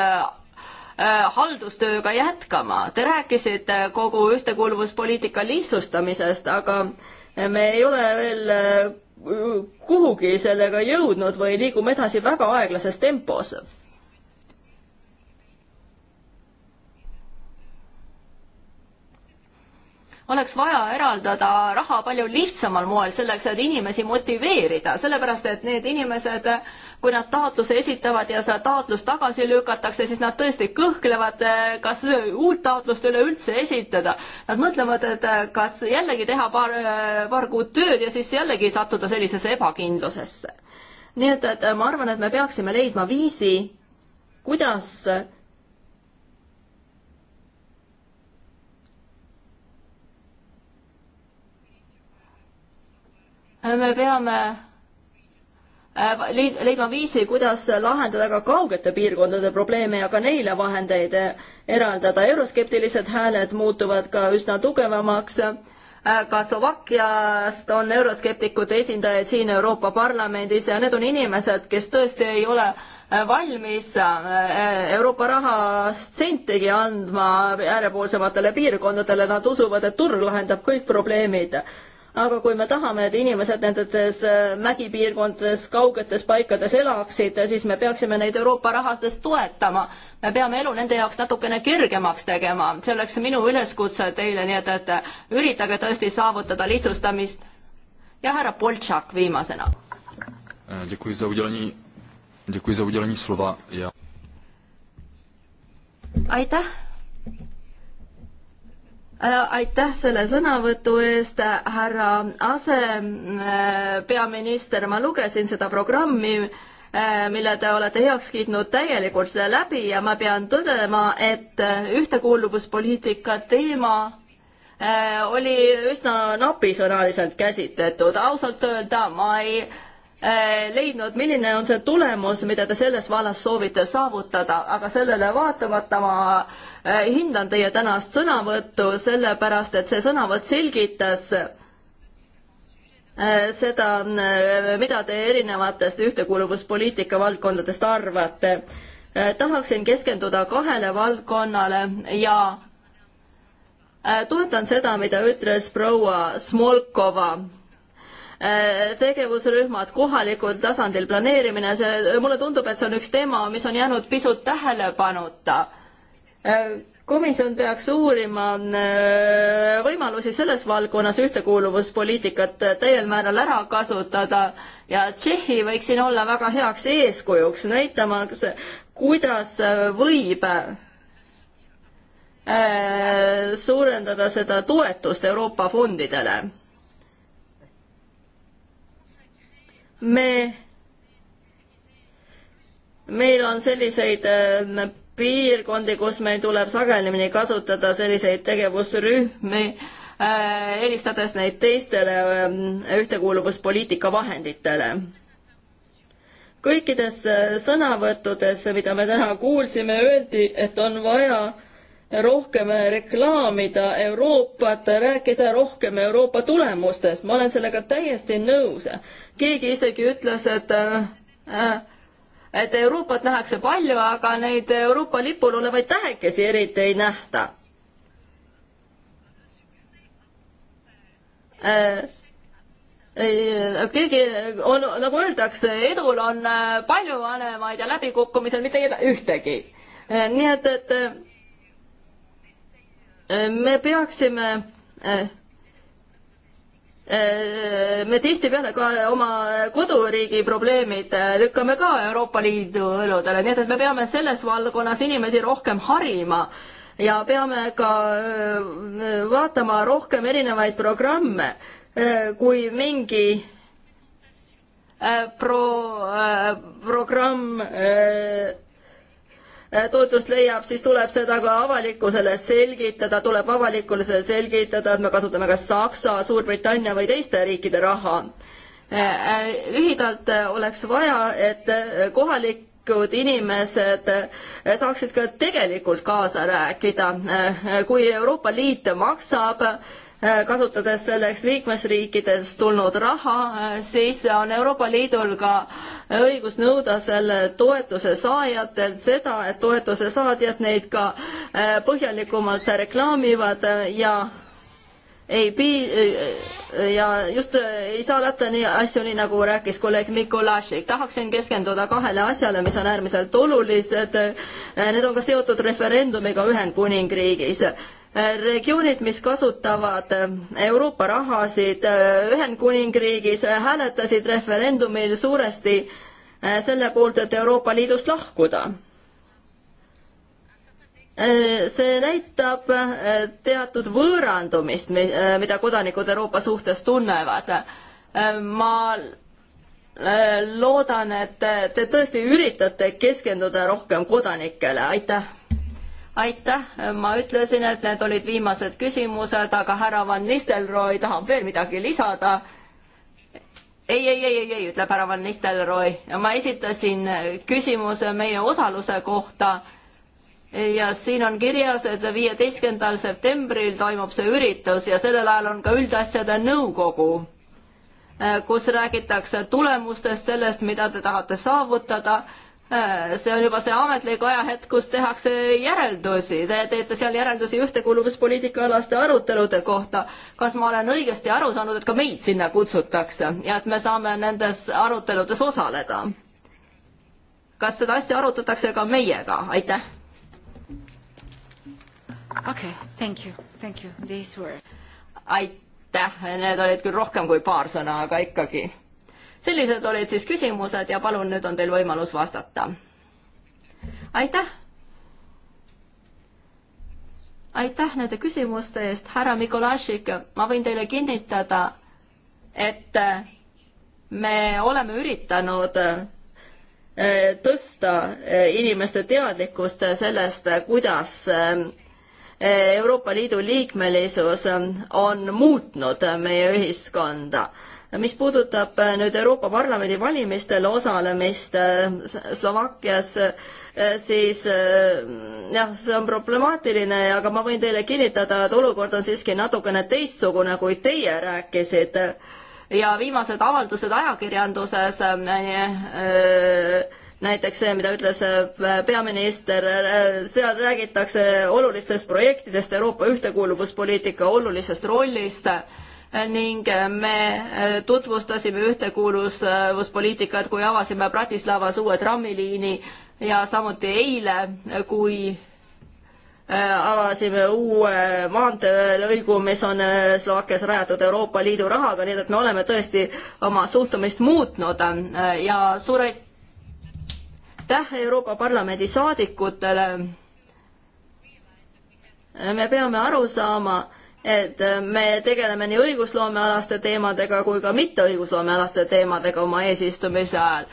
haldustööga jätkama. Te rääkisite kogu ühtekuuluvuspoliitika lihtsustamisest, aga äh, me ei ole veel äh, kuhugi sellega jõudnud või liigume edasi väga aeglases tempos oleks vaja eraldada raha palju lihtsamal moel, selleks et inimesi motiveerida, sellepärast et need inimesed, kui nad taotluse esitavad ja see taotlus tagasi lükatakse, siis nad tõesti kõhklevad, kas uut taotlust üleüldse esitada. Nad mõtlevad, et kas jällegi teha paar, paar kuud tööd ja siis jällegi sattuda sellisesse ebakindlusesse. nii et, et ma arvan, et me peaksime leidma viisi, kuidas me peame äh, leidma viisi, kuidas lahendada ka kaugete piirkondade probleeme ja ka neile vahendeid äh, eraldada. euroskeptilised hääled muutuvad ka üsna tugevamaks. Äh, ka Slovakkiast on euroskeptikute esindajaid siin Euroopa Parlamendis ja need on inimesed, kes tõesti ei ole valmis Euroopa rahast sentigi andma äärepoolsematele piirkondadele, nad usuvad, et turg lahendab kõik probleemid aga kui me tahame, et inimesed nendes äh, mägipiirkondades, kaugetes paikades elaksid, siis me peaksime neid Euroopa rahastest toetama. me peame elu nende jaoks natukene kergemaks tegema, see oleks minu üleskutse teile, nii et, et üritage tõesti saavutada lihtsustamist. ja härra Boltšak viimasena. Äh, aitäh Äh, aitäh selle sõnavõtu eest, härra asepeaminister, ma lugesin seda programmi, äh, mille te olete heaks kiitnud täielikult läbi ja ma pean tõdema, et ühtekuuluvuspoliitika teema äh, oli üsna napisõnaliselt käsitletud, ausalt öelda ma ei Äh, leidnud, milline on see tulemus, mida te selles vallas soovite saavutada, aga sellele vaatamata ma äh, hindan teie tänast sõnavõttu, sellepärast et see sõnavõtt selgitas äh, seda, mida te erinevatest ühtekuuluvuspoliitika valdkondadest arvate. tahaksin keskenduda kahele valdkonnale ja toetan seda, mida ütles proua Smolkova Äh, tegevusrühmad kohalikul tasandil, planeerimine, see, äh, mulle tundub, et see on üks teema, mis on jäänud pisut tähelepanuta. Äh, komisjon peaks uurima võimalusi selles valdkonnas ühtekuuluvuspoliitikat täiel määral ära kasutada ja Tšehhi võiks siin olla väga heaks eeskujuks, näitamaks, kuidas võib suurendada seda toetust Euroopa fondidele me, meil on selliseid ähm, piirkondi, kus meil tuleb sagedamini kasutada selliseid tegevusrühmi, äh, eelistades neid teistele ähm, ühtekuuluvuspoliitika vahenditele. kõikides äh, sõnavõttudes, mida me täna kuulsime, öeldi, et on vaja rohkem reklaamida Euroopat, rääkida rohkem Euroopa tulemustest, ma olen sellega täiesti nõus. keegi isegi ütles, et äh, et Euroopat nähakse palju, aga neid Euroopa lipul olevaid tähekesi eriti ei nähta äh, keegi on, nagu öeldakse, edul on äh, palju vanemaid ja läbikukkumisel mitte ühtegi. Äh, nii et, et äh, me peaksime eh, eh, me tihtipeale ka oma koduriigi probleemid eh, lükkame ka Euroopa Liidu õludele, nii et, et me peame selles valdkonnas inimesi rohkem harima ja peame ka vaatama rohkem erinevaid programme, kui mingi pro-, programm Äh, toetust leiab, siis tuleb seda ka avalikkusele selgitada, tuleb avalikkusele selgitada, et me kasutame kas Saksa, Suurbritannia või teiste riikide raha. Äh, äh, lühidalt oleks vaja, et kohalik kodanikud, inimesed saaksid ka tegelikult kaasa rääkida. kui Euroopa Liit maksab, Äh, kasutades selleks liikmesriikidest tulnud raha, äh, siis on Euroopa Liidul ka õigus nõuda selle toetuse saajatelt seda, et toetuse saadjad neid ka äh, põhjalikumalt reklaamivad ja ei pii- ja just ei saa jätta nii asju, nii nagu rääkis kolleeg Mikulašik. tahaksin keskenduda kahele asjale, mis on äärmiselt olulised. Need on ka seotud referendumiga Ühendkuningriigis regioonid, mis kasutavad Euroopa rahasid Ühendkuningriigis, hääletasid referendumil suuresti selle poolt, et Euroopa Liidust lahkuda see näitab teatud võõrandumist, mida kodanikud Euroopa suhtes tunnevad. ma loodan, et te tõesti üritate keskenduda rohkem kodanikele, aitäh aitäh, ma ütlesin, et need olid viimased küsimused, aga härra Van Nistelrooy tahab veel midagi lisada. ei, ei, ei, ei, ei, ütleb härra Van Nistelrooy. ma esitasin küsimuse meie osaluse kohta ja siin on kirjas, et viieteistkümnendal septembril toimub see üritus ja sellel ajal on ka üldasjade nõukogu, kus räägitakse tulemustest, sellest, mida te tahate saavutada Äh, see on juba see ametlik ajahetk, kus tehakse järeldusi, te teete seal järeldusi ühtekuuluvuspoliitika alaste arutelude kohta. kas ma olen õigesti aru saanud, et ka meid sinna kutsutakse ja et me saame nendes aruteludes osaleda? kas seda asja arutatakse ka meiega, aitäh? okei okay,, thank you, thank you, these were. aitäh, need olid küll rohkem kui paar sõna, aga ikkagi sellised olid siis küsimused ja palun, nüüd on teil võimalus vastata. aitäh. aitäh nende küsimuste eest, härra Mikolašik, ma võin teile kinnitada, et me oleme üritanud eh, tõsta eh, inimeste teadlikkust sellest, kuidas eh, Euroopa Liidu liikmelisus on muutnud meie ühiskonda mis puudutab äh, nüüd Euroopa Parlamendi valimistel osalemist äh, Slovakkias, äh, siis jah, see on problemaatiline, aga ma võin teile kinnitada, et olukord on siiski natukene teistsugune, kui teie rääkisite. ja viimased avaldused ajakirjanduses äh, näiteks see, mida ütles peaminister, seal räägitakse olulistest projektidest, Euroopa ühtekuuluvuspoliitika olulisest rollist ning äh, me äh, tutvustasime ühtekuuluvuspoliitikat, kui avasime Bratislavas uue trammiliini ja samuti eile, kui äh, avasime uue maanteelõigu, mis on Slovakkias rajatud Euroopa Liidu rahaga, nii et me oleme tõesti oma suhtumist muutnud ja suur aitäh Euroopa Parlamendi saadikutele. me peame aru saama, et äh, me tegeleme nii õigusloomealaste teemadega kui ka mitteõigusloomealaste teemadega oma eesistumise ajal.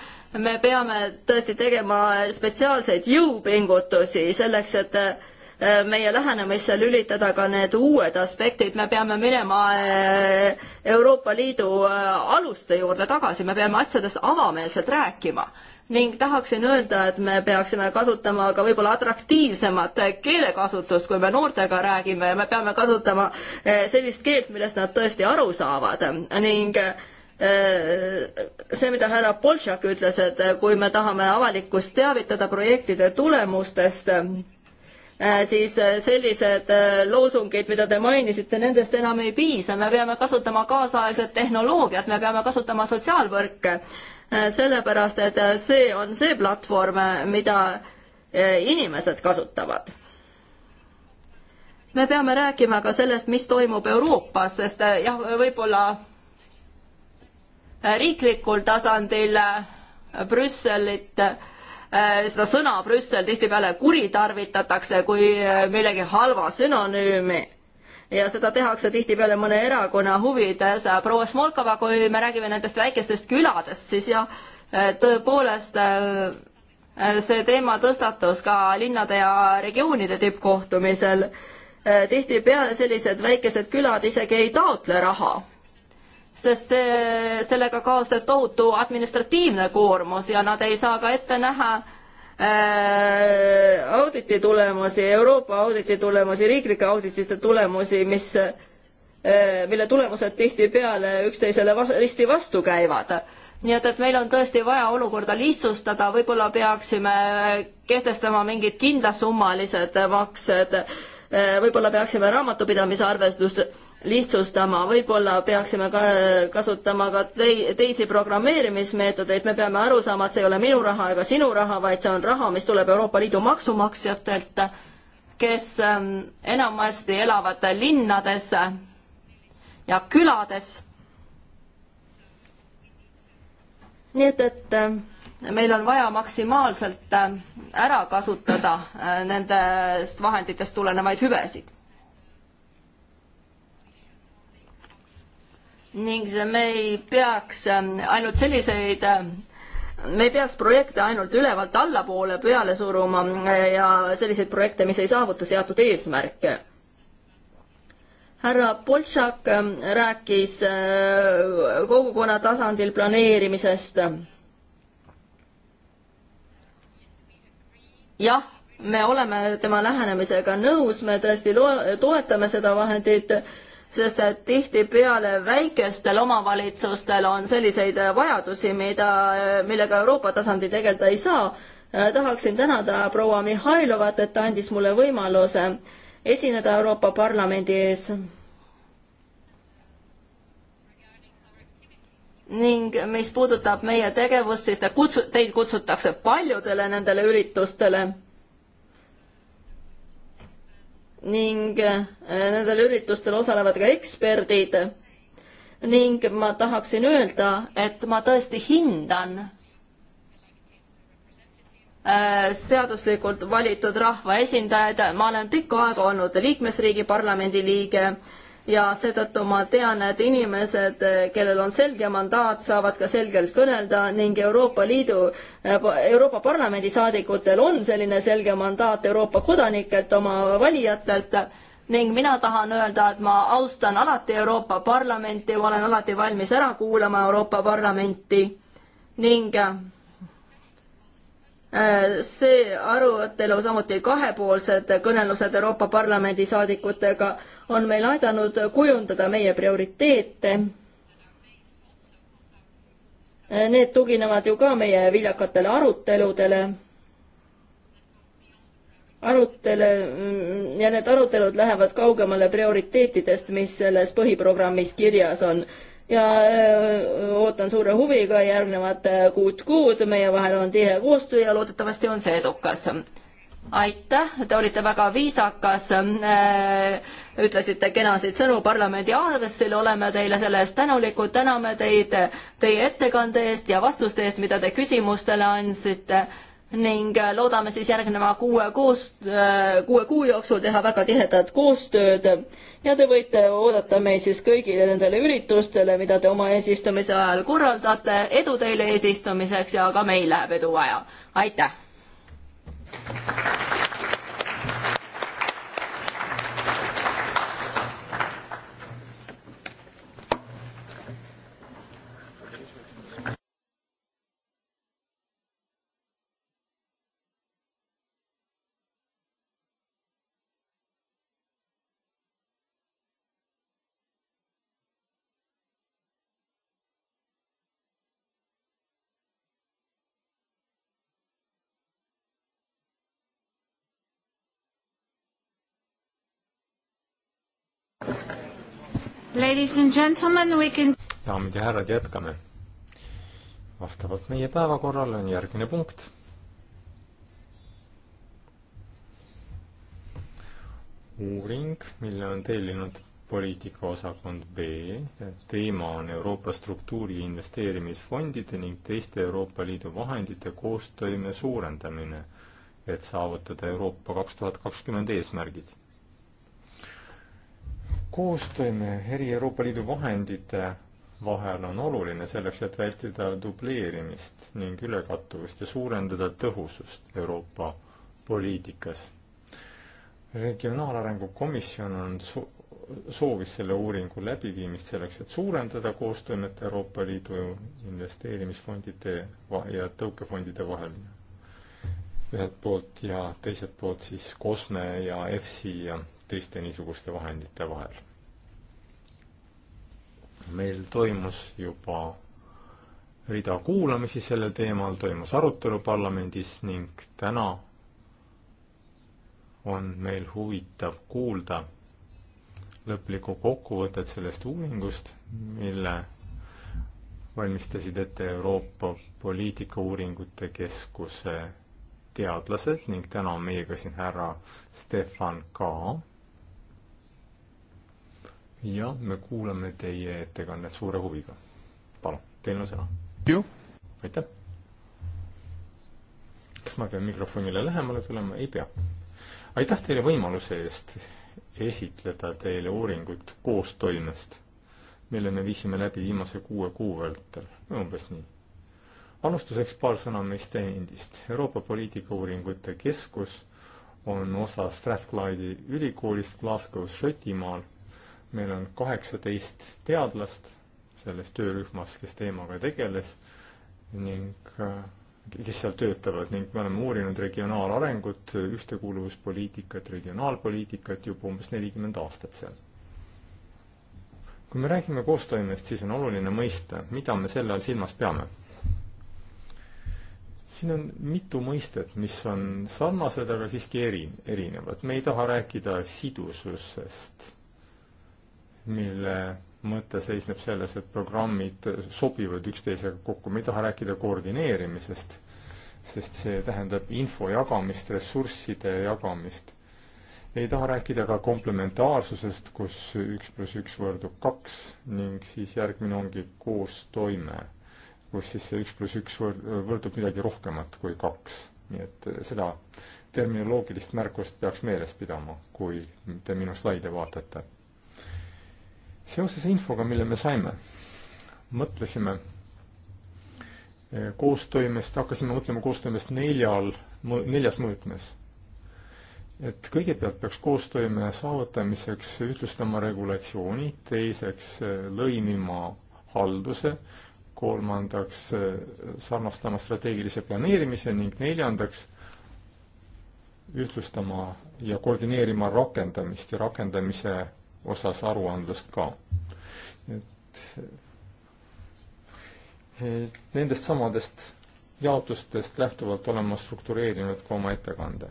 me peame tõesti tegema spetsiaalseid jõupingutusi selleks, et äh, meie lähenemisse lülitada ka need uued aspektid, me peame minema äh, Euroopa Liidu aluste juurde tagasi, me peame asjadest avameelselt rääkima ning tahaksin öelda, et me peaksime kasutama ka võib-olla atraktiivsemat keelekasutust, kui me noortega räägime ja me peame kasutama eh, sellist keelt, millest nad tõesti aru saavad ning eh, see, mida härra Boltšak ütles, et kui me tahame avalikkust teavitada projektide tulemustest, eh, siis sellised loosungid, mida te mainisite, nendest enam ei piisa, me peame kasutama kaasaegset tehnoloogiat, me peame kasutama sotsiaalvõrke Äh, sellepärast et äh, see on see platvorm, äh, mida inimesed kasutavad. me peame rääkima ka sellest, mis toimub Euroopas, sest jah, võib-olla riiklikul tasandil Brüsselit seda sõna Brüssel tihtipeale kuritarvitatakse kui millegi halva sünonüümi ja seda tehakse tihtipeale mõne erakonna huvides. proua Šmolkova, kui me räägime nendest väikestest küladest, siis jah, tõepoolest äh, see teema tõstatus ka linnade ja regioonide tippkohtumisel. Äh, tihtipeale sellised väikesed külad isegi ei taotle raha sest see, sellega kaasneb tohutu administratiivne koormus ja nad ei saa ka ette näha äh, Äh, auditi tulemusi, Euroopa auditi tulemusi, riiklike auditite tulemusi, mis, äh, mille tulemused tihtipeale üksteisele risti vastu käivad nii et, et meil on tõesti vaja olukorda lihtsustada, võib-olla peaksime kehtestama mingid kindlasummalised maksed, äh, võib-olla peaksime raamatupidamise arvestust lihtsustama, võib-olla peaksime ka kasutama ka tei-, teisi programmeerimismeetodeid, me peame aru saama, et see ei ole minu raha ega sinu raha, vaid see on raha, mis tuleb Euroopa Liidu maksumaksjatelt, kes ähm, enamasti elavad linnades ja külades. nii et, et äh, meil on vaja maksimaalselt äh, ära kasutada äh, nendest vahenditest tulenevaid hüvesid. ning me ei peaks ähm, ainult selliseid ähm, me ei peaks projekte ainult ülevalt allapoole peale suruma äh, ja selliseid projekte, mis ei saavuta seatud eesmärke. härra Boltšak ähm, rääkis äh, kogukonna tasandil planeerimisest. jah, me oleme tema lähenemisega nõus, me tõesti loe, toetame seda vahendit sest et tihtipeale väikestel omavalitsustel on selliseid vajadusi, mida, millega Euroopa tasandil tegeleda ei saa. tahaksin tänada proua Mihhailovat, et ta andis mulle võimaluse esineda Euroopa Parlamendi ees ning mis puudutab meie tegevust, siis te kutsu-, teid kutsutakse paljudele nendele üritustele ning äh, nendel üritustel osalevad ka eksperdid. ning ma tahaksin öelda, et ma tõesti hindan äh, seaduslikult valitud rahvaesindajaid, ma olen pikka aega olnud liikmesriigi parlamendi liige ja seetõttu ma tean, et inimesed, kellel on selge mandaat, saavad ka selgelt kõnelda ning Euroopa Liidu, Euroopa Parlamendi saadikutel on selline selge mandaat Euroopa kodanikelt, oma valijatelt ning mina tahan öelda, et ma austan alati Euroopa Parlamenti, ma olen alati valmis ära kuulama Euroopa Parlamenti ning Äh, see arutelu, samuti kahepoolsed kõnelused Euroopa Parlamendi saadikutega on meil aidanud kujundada meie prioriteete. Äh, need tuginevad ju ka meie viljakatele aruteludele. arutele mm, ja need arutelud lähevad kaugemale prioriteetidest, mis selles põhiprogrammis kirjas on ja äh, ootan suure huviga järgnevat äh, kuut kuud, meie vahel on tihe koostöö ja loodetavasti on see edukas aitäh, te olite väga viisakas, äh, ütlesite kenasid sõnu parlamendi aadressil, oleme teile selle eest tänulikud, täname teid teie ettekande eest ja vastuste eest, mida te küsimustele andsite ning äh, loodame siis järgneva kuue koos, äh, kuue kuu jooksul teha väga tihedat koostööd ja te võite oodata meid siis kõigile nendele üritustele, mida te oma eesistumise ajal korraldate. edu teile eesistumiseks ja ka meil läheb edu vaja. aitäh! Ladies and gentlemen, we can daamid ja härrad, jätkame. vastavalt meie päevakorrale on järgmine punkt. uuring, mille on tellinud poliitikaosakond B. teema on Euroopa struktuuri investeerimisfondide ning teiste Euroopa Liidu vahendite koostoime suurendamine, et saavutada Euroopa kaks tuhat kakskümmend eesmärgid koostoime eri Euroopa Liidu vahendite vahel on oluline selleks, et vältida dubleerimist ning ülekattuvust ja suurendada tõhusust Euroopa poliitikas. regionaalarengu komisjon on so soovis selle uuringu läbiviimist selleks, et suurendada koostoimet Euroopa Liidu investeerimisfondide ja tõukefondide vahel ühelt poolt ja teiselt poolt siis COSME ja EFSI ja teiste niisuguste vahendite vahel. meil toimus juba rida kuulamisi sellel teemal, toimus arutelu parlamendis ning täna on meil huvitav kuulda lõplikku kokkuvõtet sellest uuringust, mille valmistasid ette Euroopa Poliitikauuringute Keskuse teadlased ning täna on meiega siin härra Stefan Ka, jah, me kuulame teie ettekannet suure huviga. palun, teil on sõna. aitäh. kas ma pean mikrofonile lähemale tulema? ei pea. aitäh teile võimaluse eest esitleda teile uuringut koostoimest, mille me viisime läbi viimase kuue kuu vältel, umbes nii. alustuseks paar sõna meist endist. Euroopa Poliitikauuringute Keskus on osa Strathclyde'i ülikoolist Glasgow's Šotimaal meil on kaheksateist teadlast selles töörühmas, kes teemaga tegeles ning äh, kes seal töötavad ning me oleme uurinud regionaalarengut, ühtekuuluvuspoliitikat, regionaalpoliitikat juba umbes nelikümmend aastat seal. kui me räägime koostoimest, siis on oluline mõista, mida me selle all silmas peame. siin on mitu mõistet, mis on sarnased, aga siiski eri, erinevad. me ei taha rääkida sidususest mille mõte seisneb selles, et programmid sobivad üksteisega kokku, me ei taha rääkida koordineerimisest, sest see tähendab info jagamist, ressursside jagamist. ei taha rääkida ka komplementaarsusest, kus üks pluss üks võrdub kaks ning siis järgmine ongi koostoime, kus siis see üks pluss üks võrdub midagi rohkemat kui kaks, nii et seda terminoloogilist märkust peaks meeles pidama, kui te minu slaide vaatate seoses infoga, mille me saime, mõtlesime eh, koostoimest, hakkasime mõtlema koostoimest neljal, neljas mõõtmes. et kõigepealt peaks koostoime saavutamiseks ühtlustama regulatsiooni, teiseks eh, lõimima halduse, kolmandaks eh, sarnastama strateegilise planeerimise ning neljandaks ühtlustama ja koordineerima rakendamist ja rakendamise osas aruandlust ka. et, et nendest samadest jaotustest lähtuvalt olen ma struktureerinud ka oma ettekande.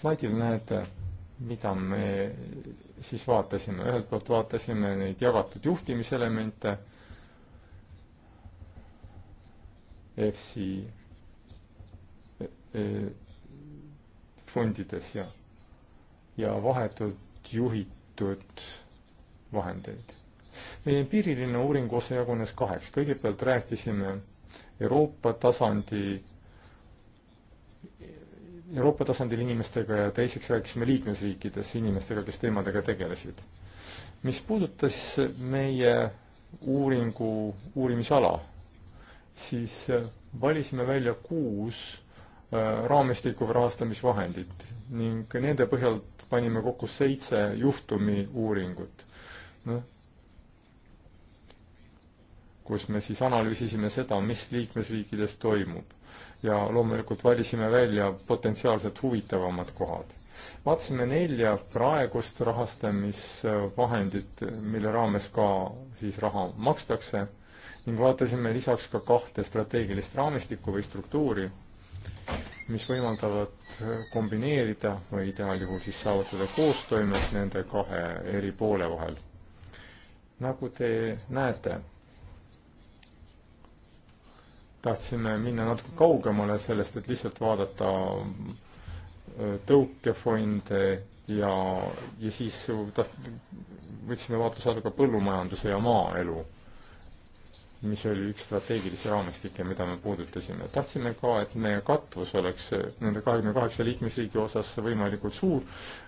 slaidil näete, mida me siis vaatasime, ühelt poolt vaatasime neid jagatud juhtimiselemente, EFSI e, e, fondides ja ja vahetult juhitud vahendeid. meie empiiriline uuringu osa jagunes kaheks, kõigepealt rääkisime Euroopa tasandi, Euroopa tasandil inimestega ja teiseks rääkisime liikmesriikides inimestega, kes teemadega tegelesid. mis puudutas meie uuringu uurimisala, siis valisime välja kuus Äh, raamistiku rahastamisvahendit ning nende põhjal panime kokku seitse juhtumi uuringut. noh, kus me siis analüüsisime seda, mis liikmesriikides toimub. ja loomulikult valisime välja potentsiaalselt huvitavamad kohad. vaatasime nelja praegust rahastamisvahendit, mille raames ka siis raha makstakse ning vaatasime lisaks ka kahte strateegilist raamistikku või struktuuri mis võimaldavad kombineerida või ideaaljuhul siis saavutada koostoimet nende kahe eri poole vahel. nagu te näete, tahtsime minna natuke kaugemale sellest, et lihtsalt vaadata tõukefonde ja, ja siis taht-, võtsime vaatluse alla ka põllumajanduse ja maaelu mis oli üks strateegilisi raamistikke, mida me puudutasime. tahtsime ka, et meie katvus oleks nende kahekümne kaheksa liikmesriigi osas võimalikult suur,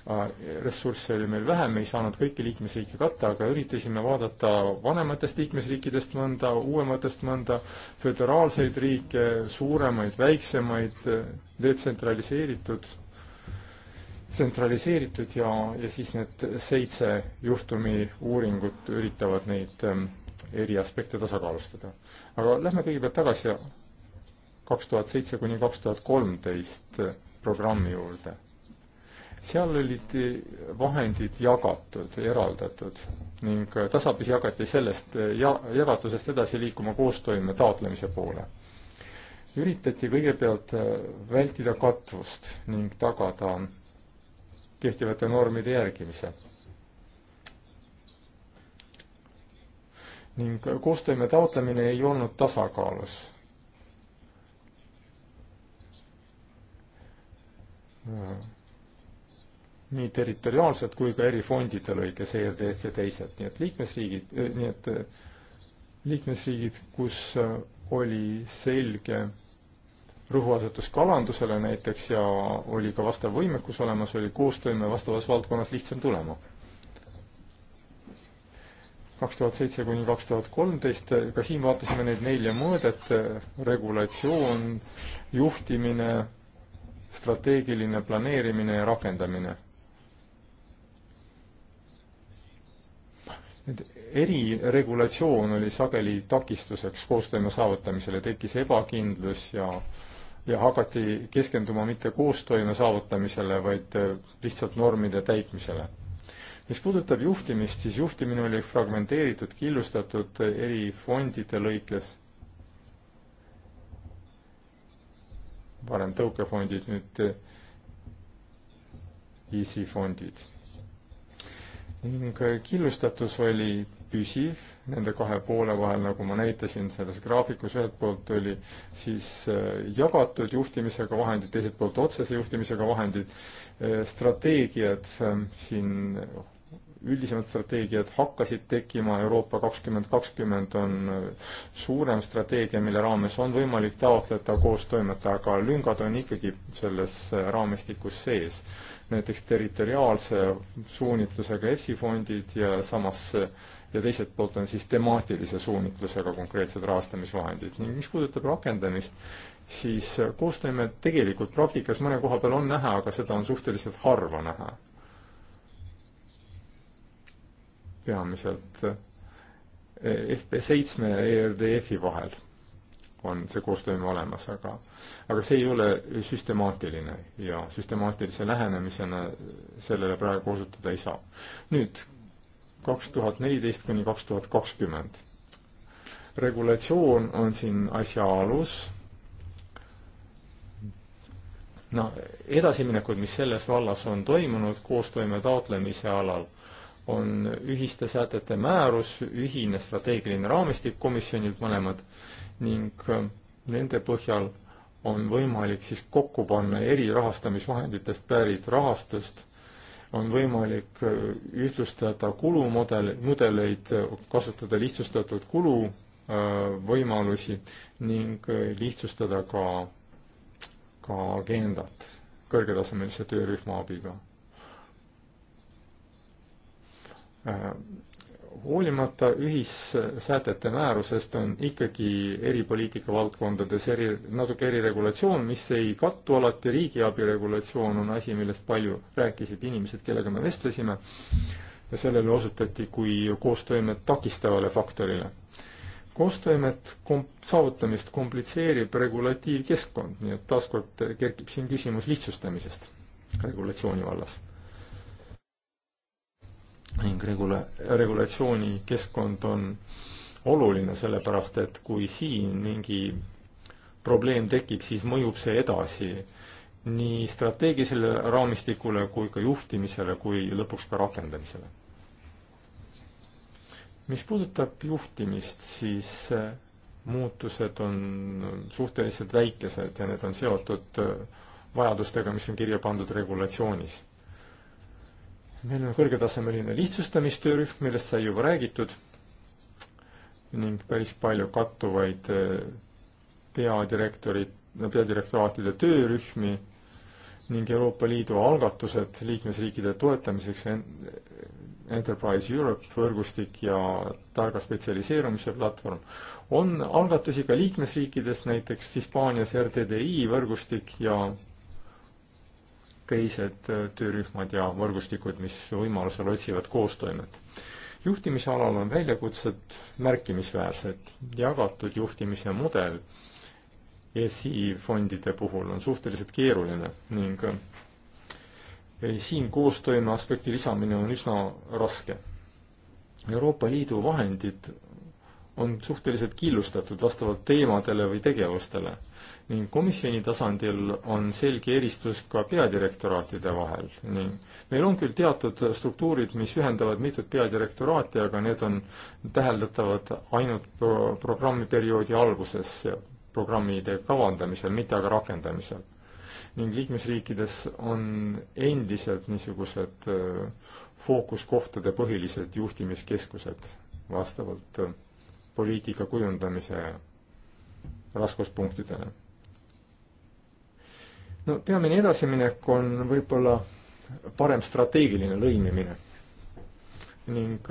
äh, ressursse oli meil vähem, ei saanud kõiki liikmesriike katta, aga üritasime vaadata vanematest liikmesriikidest mõnda, uuematest mõnda, föderaalseid riike, suuremaid, väiksemaid, detsentraliseeritud tsentraliseeritud ja, ja siis need seitse juhtumi uuringut üritavad neid ähm, eri aspekte tasakaalustada. aga lähme kõigepealt tagasi kaks tuhat seitse kuni kaks tuhat kolmteist programmi juurde. seal olid vahendid jagatud, eraldatud ning tasapisi jagati sellest ja jagatusest edasi liikuma koostoime taotlemise poole. üritati kõigepealt vältida katvust ning tagada kehtivate normide järgimise ning koostoime taotlemine ei olnud tasakaalus. nii territoriaalselt kui ka erifondide lõikes ERDF ja teised, nii et liikmesriigid, nii et eh, liikmesriigid, kus eh, oli selge rõhuasetus kalandusele näiteks ja oli ka vastav võimekus olemas, oli koostoime vastavas valdkonnas lihtsam tulema kaks tuhat seitse kuni kaks tuhat kolmteist, ka siin vaatasime neid nelja mõõdet, regulatsioon, juhtimine, strateegiline planeerimine ja rakendamine. et eriregulatsioon oli sageli takistuseks koostööme saavutamisele, tekkis ebakindlus ja ja hakati keskenduma mitte koostoime saavutamisele, vaid lihtsalt normide täitmisele mis puudutab juhtimist, siis juhtimine oli fragmenteeritud, killustatud eri fondide lõikes. varem tõukefondid, nüüd ISI eh, fondid. ning eh, killustatus oli püsiv nende kahe poole vahel, nagu ma näitasin selles graafikus, ühelt poolt oli siis eh, jagatud juhtimisega vahendid, teiselt poolt otsese juhtimisega vahendid, strateegiad siin üldisemad strateegiad hakkasid tekkima, Euroopa kakskümmend kakskümmend on äh, suurem strateegia, mille raames on võimalik taotleda koos toimetaja, aga lüngad on ikkagi selles äh, raamistikus sees. näiteks territoriaalse suunitlusega EFSI fondid ja samas äh, ja teiselt poolt on siis temaatilise suunitlusega konkreetsed rahastamisvahendid ning mis puudutab rakendamist, siis koostoime tegelikult praktikas mõne koha peal on näha, aga seda on suhteliselt harva näha peamiselt eh, FP7 ja ERDF-i vahel on see koostööme olemas, aga aga see ei ole süstemaatiline ja süstemaatilise lähenemisena sellele praegu osutada ei saa. nüüd kaks tuhat neliteist kuni kaks tuhat kakskümmend. regulatsioon on siin asja alus, no edasiminekud, mis selles vallas on toimunud koostoime taotlemise alal on ühiste sätete määrus, ühine strateegiline raamistik komisjonilt mõlemad ning äh, nende põhjal on võimalik siis kokku panna eri rahastamisvahenditest pärit rahastust, on võimalik äh, ühtlustada kulumudel, mudeleid, äh, kasutada lihtsustatud kulu võimalusi ning lihtsustada ka, ka agendat kõrgetasemelise töörühma abiga Äh, hoolimata ühissätete määrusest on ikkagi eri poliitikavaldkondades eri, natuke eriregulatsioon, mis ei kattu alati, riigiabi regulatsioon on asi, millest palju rääkisid inimesed, kellega me vestlesime, ja sellele osutati kui koostoimet takistavale faktorile. koostoimet kom-, saavutamist komplitseerib regulatiivkeskkond, nii et taaskord kerkib siin küsimus lihtsustamisest regulatsiooni vallas ning regula-, regulatsioonikeskkond on oluline, sellepärast et kui siin mingi probleem tekib, siis mõjub see edasi nii strateegilisele raamistikule kui ka juhtimisele kui lõpuks ka rakendamisele. mis puudutab juhtimist, siis äh, muutused on suhteliselt väikesed ja need on seotud äh, vajadustega, mis on kirja pandud regulatsioonis meil on kõrgetasemeline lihtsustamistöörühm, millest sai juba räägitud ning päris palju kattuvaid eh, peadirektorid, peadirektoraatide töörühmi ning Euroopa Liidu algatused liikmesriikide toetamiseks Enterprise Europe võrgustik ja targa spetsialiseerumise platvorm. on algatusi ka liikmesriikidest, näiteks Hispaanias RTDI võrgustik ja teised äh, töörühmad ja võrgustikud, mis võimalusel otsivad koostoimet. juhtimisalal on väljakutsed märkimisväärsed, jagatud juhtimise mudel ESI fondide puhul on suhteliselt keeruline ning äh, siin koostoime aspekti lisamine on üsna raske. Euroopa Liidu vahendid on suhteliselt killustatud vastavalt teemadele või tegevustele ning komisjoni tasandil on selge eristus ka peadirektoraatide vahel ning meil on küll teatud struktuurid, mis ühendavad mitut peadirektoraati, aga need on täheldatavad ainult pro programmiperioodi alguses programmide kavandamisel, mitte aga rakendamisel. ning liikmesriikides on endiselt niisugused äh, fookuskohtade põhilised juhtimiskeskused vastavalt äh, poliitika kujundamise raskuspunktidele. no peamine edasiminek on võib-olla parem strateegiline lõimimine ning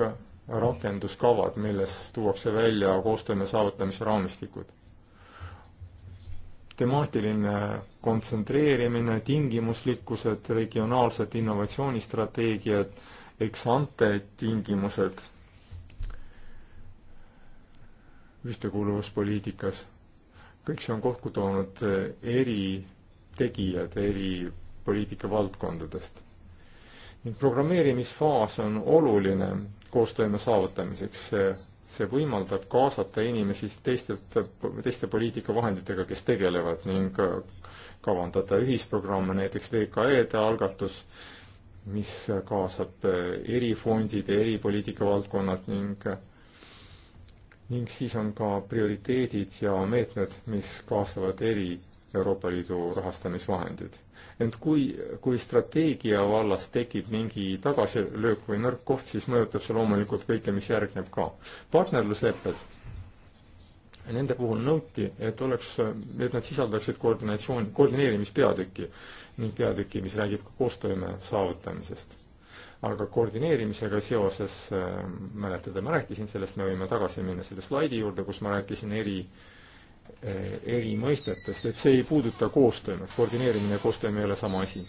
rakenduskavad, milles tuuakse välja koostööme saavutamise raamistikud. temaatiline kontsentreerimine, tingimuslikkused, regionaalsed innovatsioonistrateegiad, eksante tingimused ühtekuuluvuspoliitikas. kõik see on kokku toonud eri tegijad eri poliitikavaldkondadest. ning programmeerimisfaas on oluline koostoime saavutamiseks, see, see võimaldab kaasata inimesi teistelt, teiste poliitikavahenditega, kes tegelevad ning kavandada ühisprogramme, näiteks VKE-de algatus, mis kaasab erifondid ja eripoliitikavaldkonnad ning ning siis on ka prioriteedid ja meetmed, mis kaasavad eri Euroopa Liidu rahastamisvahendid. ent kui, kui strateegia vallas tekib mingi tagasilöök või nõrk koht, siis mõjutab see loomulikult kõike, mis järgneb ka. partnerluslepped, nende puhul nõuti, et oleks, et nad sisaldaksid koordinatsioon, koordineerimispeatüki ning peatüki, mis räägib ka koostoime saavutamisest aga koordineerimisega seoses, äh, mäletate, ma rääkisin sellest, me võime tagasi minna selle slaidi juurde, kus ma rääkisin eri, äh, eri mõistetest, et see ei puuduta koostööd, noh, koordineerimine ja koostööme ei ole sama asi.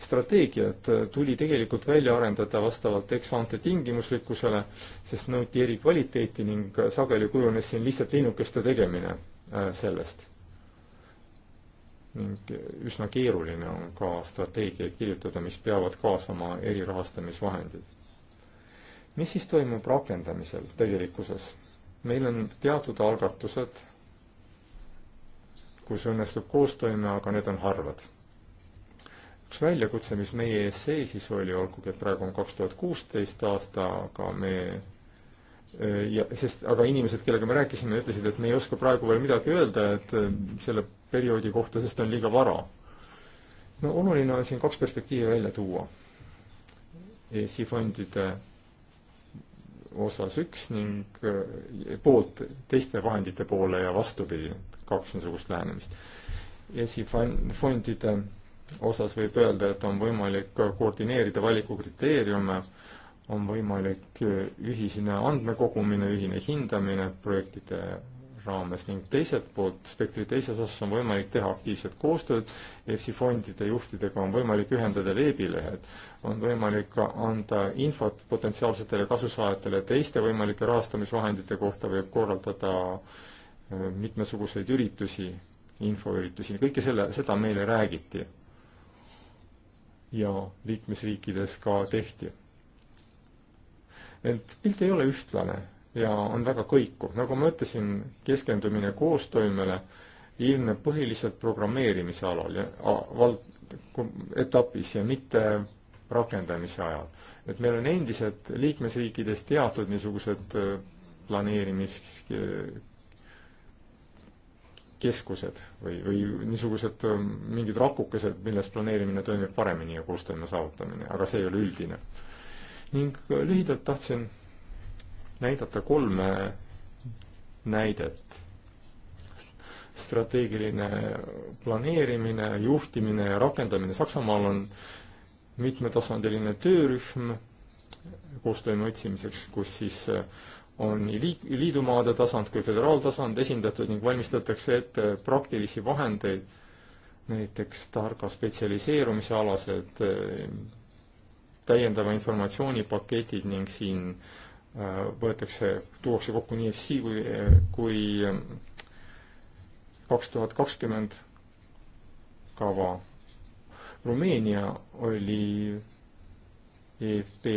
strateegiad äh, tuli tegelikult välja arendada vastavalt ex-ante tingimuslikkusele, sest nõuti eri kvaliteeti ning sageli kujunes siin lihtsalt linnukeste tegemine sellest ning üsna keeruline on ka strateegiaid kirjutada, mis peavad kaasama erirahastamisvahendid. mis siis toimub rakendamisel tegelikkuses? meil on teatud algatused, kus õnnestub koostoime, aga need on harvad. üks väljakutse, mis meie ees seisis oli, olgugi et praegu on kaks tuhat kuusteist aasta, aga me ja sest, aga inimesed, kellega me rääkisime, ütlesid, et me ei oska praegu veel midagi öelda, et selle perioodi kohta, sest on liiga vara. no oluline on siin kaks perspektiivi välja tuua. ESI fondide osas üks ning e, poolt teiste vahendite poole ja vastupidi, kaks niisugust lähenemist. ESI fondide osas võib öelda, et on võimalik koordineerida valikukriteeriume, on võimalik ühisene andmekogumine, ühine hindamine, projektide raames ning teiselt poolt spektri teises osas on võimalik teha aktiivset koostööd, EFSI fondide juhtidega on võimalik ühendada veebilehed, on võimalik anda infot potentsiaalsetele kasusaajatele teiste võimalike rahastamisvahendite kohta, võib korraldada äh, mitmesuguseid üritusi, infoüritusi, kõike selle, seda meile räägiti. ja liikmesriikides ka tehti. et pilt ei ole ühtlane ja on väga kõikuv. nagu ma ütlesin, keskendumine koostoimele ilmneb põhiliselt programmeerimise alal ja vald-, etapis ja mitte rakendamise ajal. et meil on endiselt liikmesriikides teatud niisugused äh, planeerimiskeskused või, või niisugused äh, mingid rakukesed, milles planeerimine toimib paremini ja koostoime saavutamine, aga see ei ole üldine. ning äh, lühidalt tahtsin näidata kolme näidet. strateegiline planeerimine, juhtimine ja rakendamine, Saksamaal on mitmetasandiline töörühm koostoime otsimiseks, kus siis äh, on nii liik-, liidumaade tasand kui föderaaltasand esindatud ning valmistatakse ette praktilisi vahendeid, näiteks targa spetsialiseerumise alased äh, täiendava informatsiooni paketid ning siin võetakse, tuuakse kokku nii EFC kui, kui ehm, kaks tuhat kakskümmend kava. Rumeenia oli EFP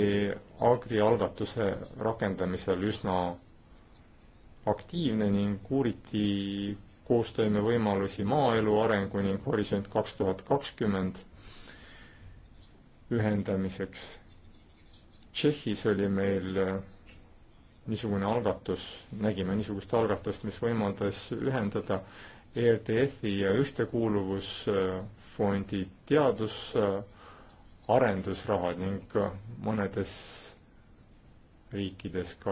Agri algatuse rakendamisel üsna aktiivne ning uuriti koostoimevõimalusi maaelu arengu ning Horisont kaks tuhat kakskümmend ühendamiseks. Tšehhis oli meil niisugune algatus, nägime niisugust algatust, mis võimaldas ühendada ERDF-i ja Ühtekuuluvusfondi teadusarendusrahad ning mõnedes riikides ka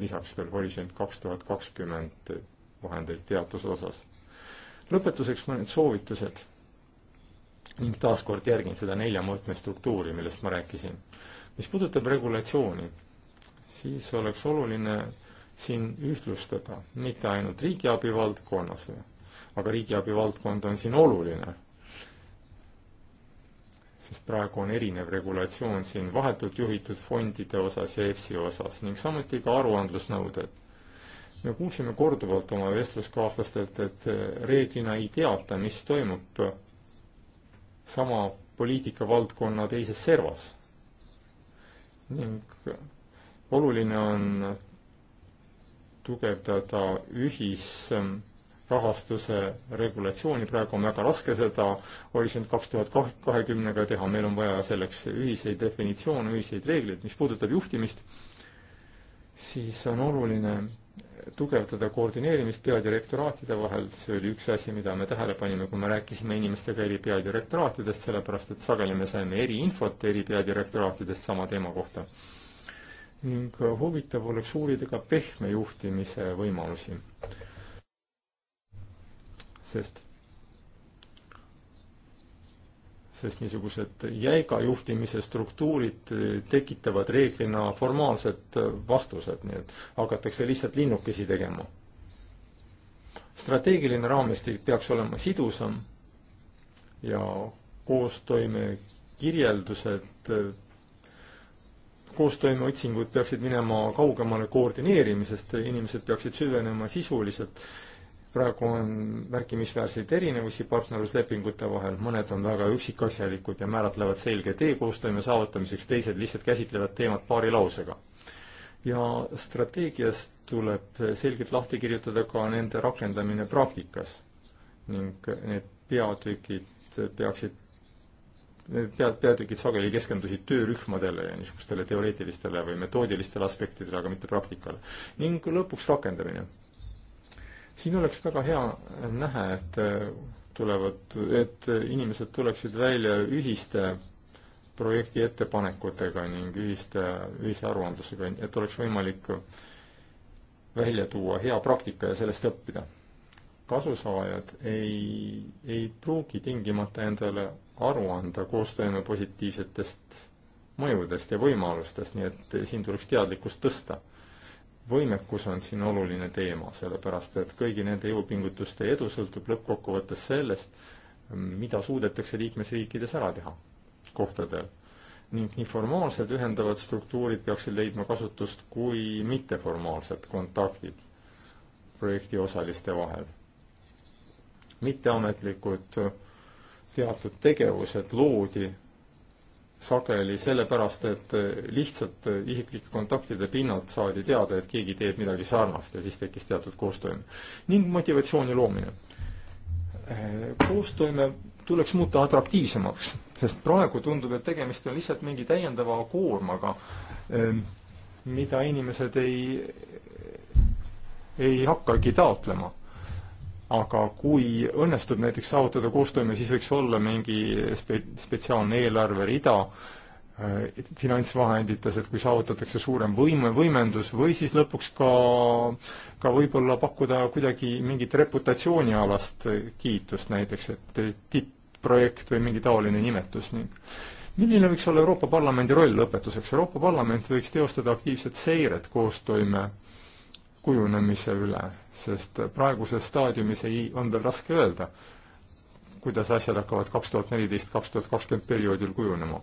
lisaks veel Horisont kaks tuhat kakskümmend vahendeid teaduse osas. lõpetuseks mõned soovitused ning taaskord järgin seda nelja mõõtme struktuuri, millest ma rääkisin. mis puudutab regulatsiooni siis oleks oluline siin ühtlustada, mitte ainult riigiabi valdkonnas, aga riigiabi valdkond on siin oluline. sest praegu on erinev regulatsioon siin vahetult juhitud fondide osas ja EFSI osas ning samuti ka aruandlusnõuded. me kuulsime korduvalt oma vestluskaaslastelt, et reeglina ei teata, mis toimub sama poliitikavaldkonna teises servas. ning oluline on tugevdada ühisrahastuse regulatsiooni, praegu on väga raske seda Horisont kaks tuhat kahekümnega teha, meil on vaja selleks ühiseid definitsioone, ühiseid reegleid, mis puudutab juhtimist, siis on oluline tugevdada koordineerimist peadirektoraatide vahel, see oli üks asi, mida me tähele panime, kui me rääkisime inimestega eri peadirektoraatidest, sellepärast et sageli me saime eri infot eri peadirektoraatidest sama teema kohta ning huvitav oleks uurida ka pehme juhtimise võimalusi. sest, sest niisugused jäiga juhtimise struktuurid tekitavad reeglina formaalsed vastused, nii et hakatakse lihtsalt linnukesi tegema. strateegiline raamistik peaks olema sidusam ja koostoime kirjeldused koostoimeotsingud peaksid minema kaugemale koordineerimisest, inimesed peaksid süvenema sisuliselt. praegu on märkimisväärseid erinevusi partnerluslepingute vahel, mõned on väga üksikasjalikud ja määratlevad selge tee koostoime saavutamiseks, teised lihtsalt käsitlevad teemat paari lausega. ja strateegias tuleb selgelt lahti kirjutada ka nende rakendamine praktikas ning need peatükid peaksid need pead, peatükid sageli keskendusid töörühmadele ja niisugustele teoreetilistele või metoodilistele aspektidele, aga mitte praktikale. ning lõpuks rakendamine. siin oleks väga hea näha, et äh, tulevad, et inimesed tuleksid välja ühiste projekti ettepanekutega ning ühiste, ühise aruandlusega, et oleks võimalik välja tuua hea praktika ja sellest õppida kasusaajad ei, ei pruugi tingimata endale aru anda koostoime positiivsetest mõjudest ja võimalustest, nii et siin tuleks teadlikkust tõsta. võimekus on siin oluline teema, sellepärast et kõigi nende jõupingutuste edu sõltub lõppkokkuvõttes sellest, mida suudetakse liikmesriikides ära teha kohtadel. ning nii formaalsed ühendavad struktuurid peaksid leidma kasutust kui mitteformaalsed kontaktid projektiosaliste vahel mitteametlikud teatud tegevused loodi sageli sellepärast, et lihtsalt isiklike kontaktide pinnalt saadi teada, et keegi teeb midagi sarnast ja siis tekkis teatud koostoime. ning motivatsiooni loomine. koostoime tuleks muuta atraktiivsemaks, sest praegu tundub, et tegemist on lihtsalt mingi täiendava koormaga, mida inimesed ei, ei hakkagi taotlema aga kui õnnestub näiteks saavutada koostoime, siis võiks olla mingi spe-, spetsiaalne eelarverida äh, finantsvahendites, et kui saavutatakse suurem võime, võimendus või siis lõpuks ka, ka võib-olla pakkuda kuidagi mingit reputatsioonialast kiitust näiteks, et tippprojekt või mingi taoline nimetus ning milline võiks olla Euroopa Parlamendi roll lõpetuseks? Euroopa Parlament võiks teostada aktiivset seiret koostoime äh, kujunemise üle, sest praeguses staadiumis ei, on veel raske öelda, kuidas asjad hakkavad kaks tuhat neliteist, kaks tuhat kakskümmend perioodil kujunema.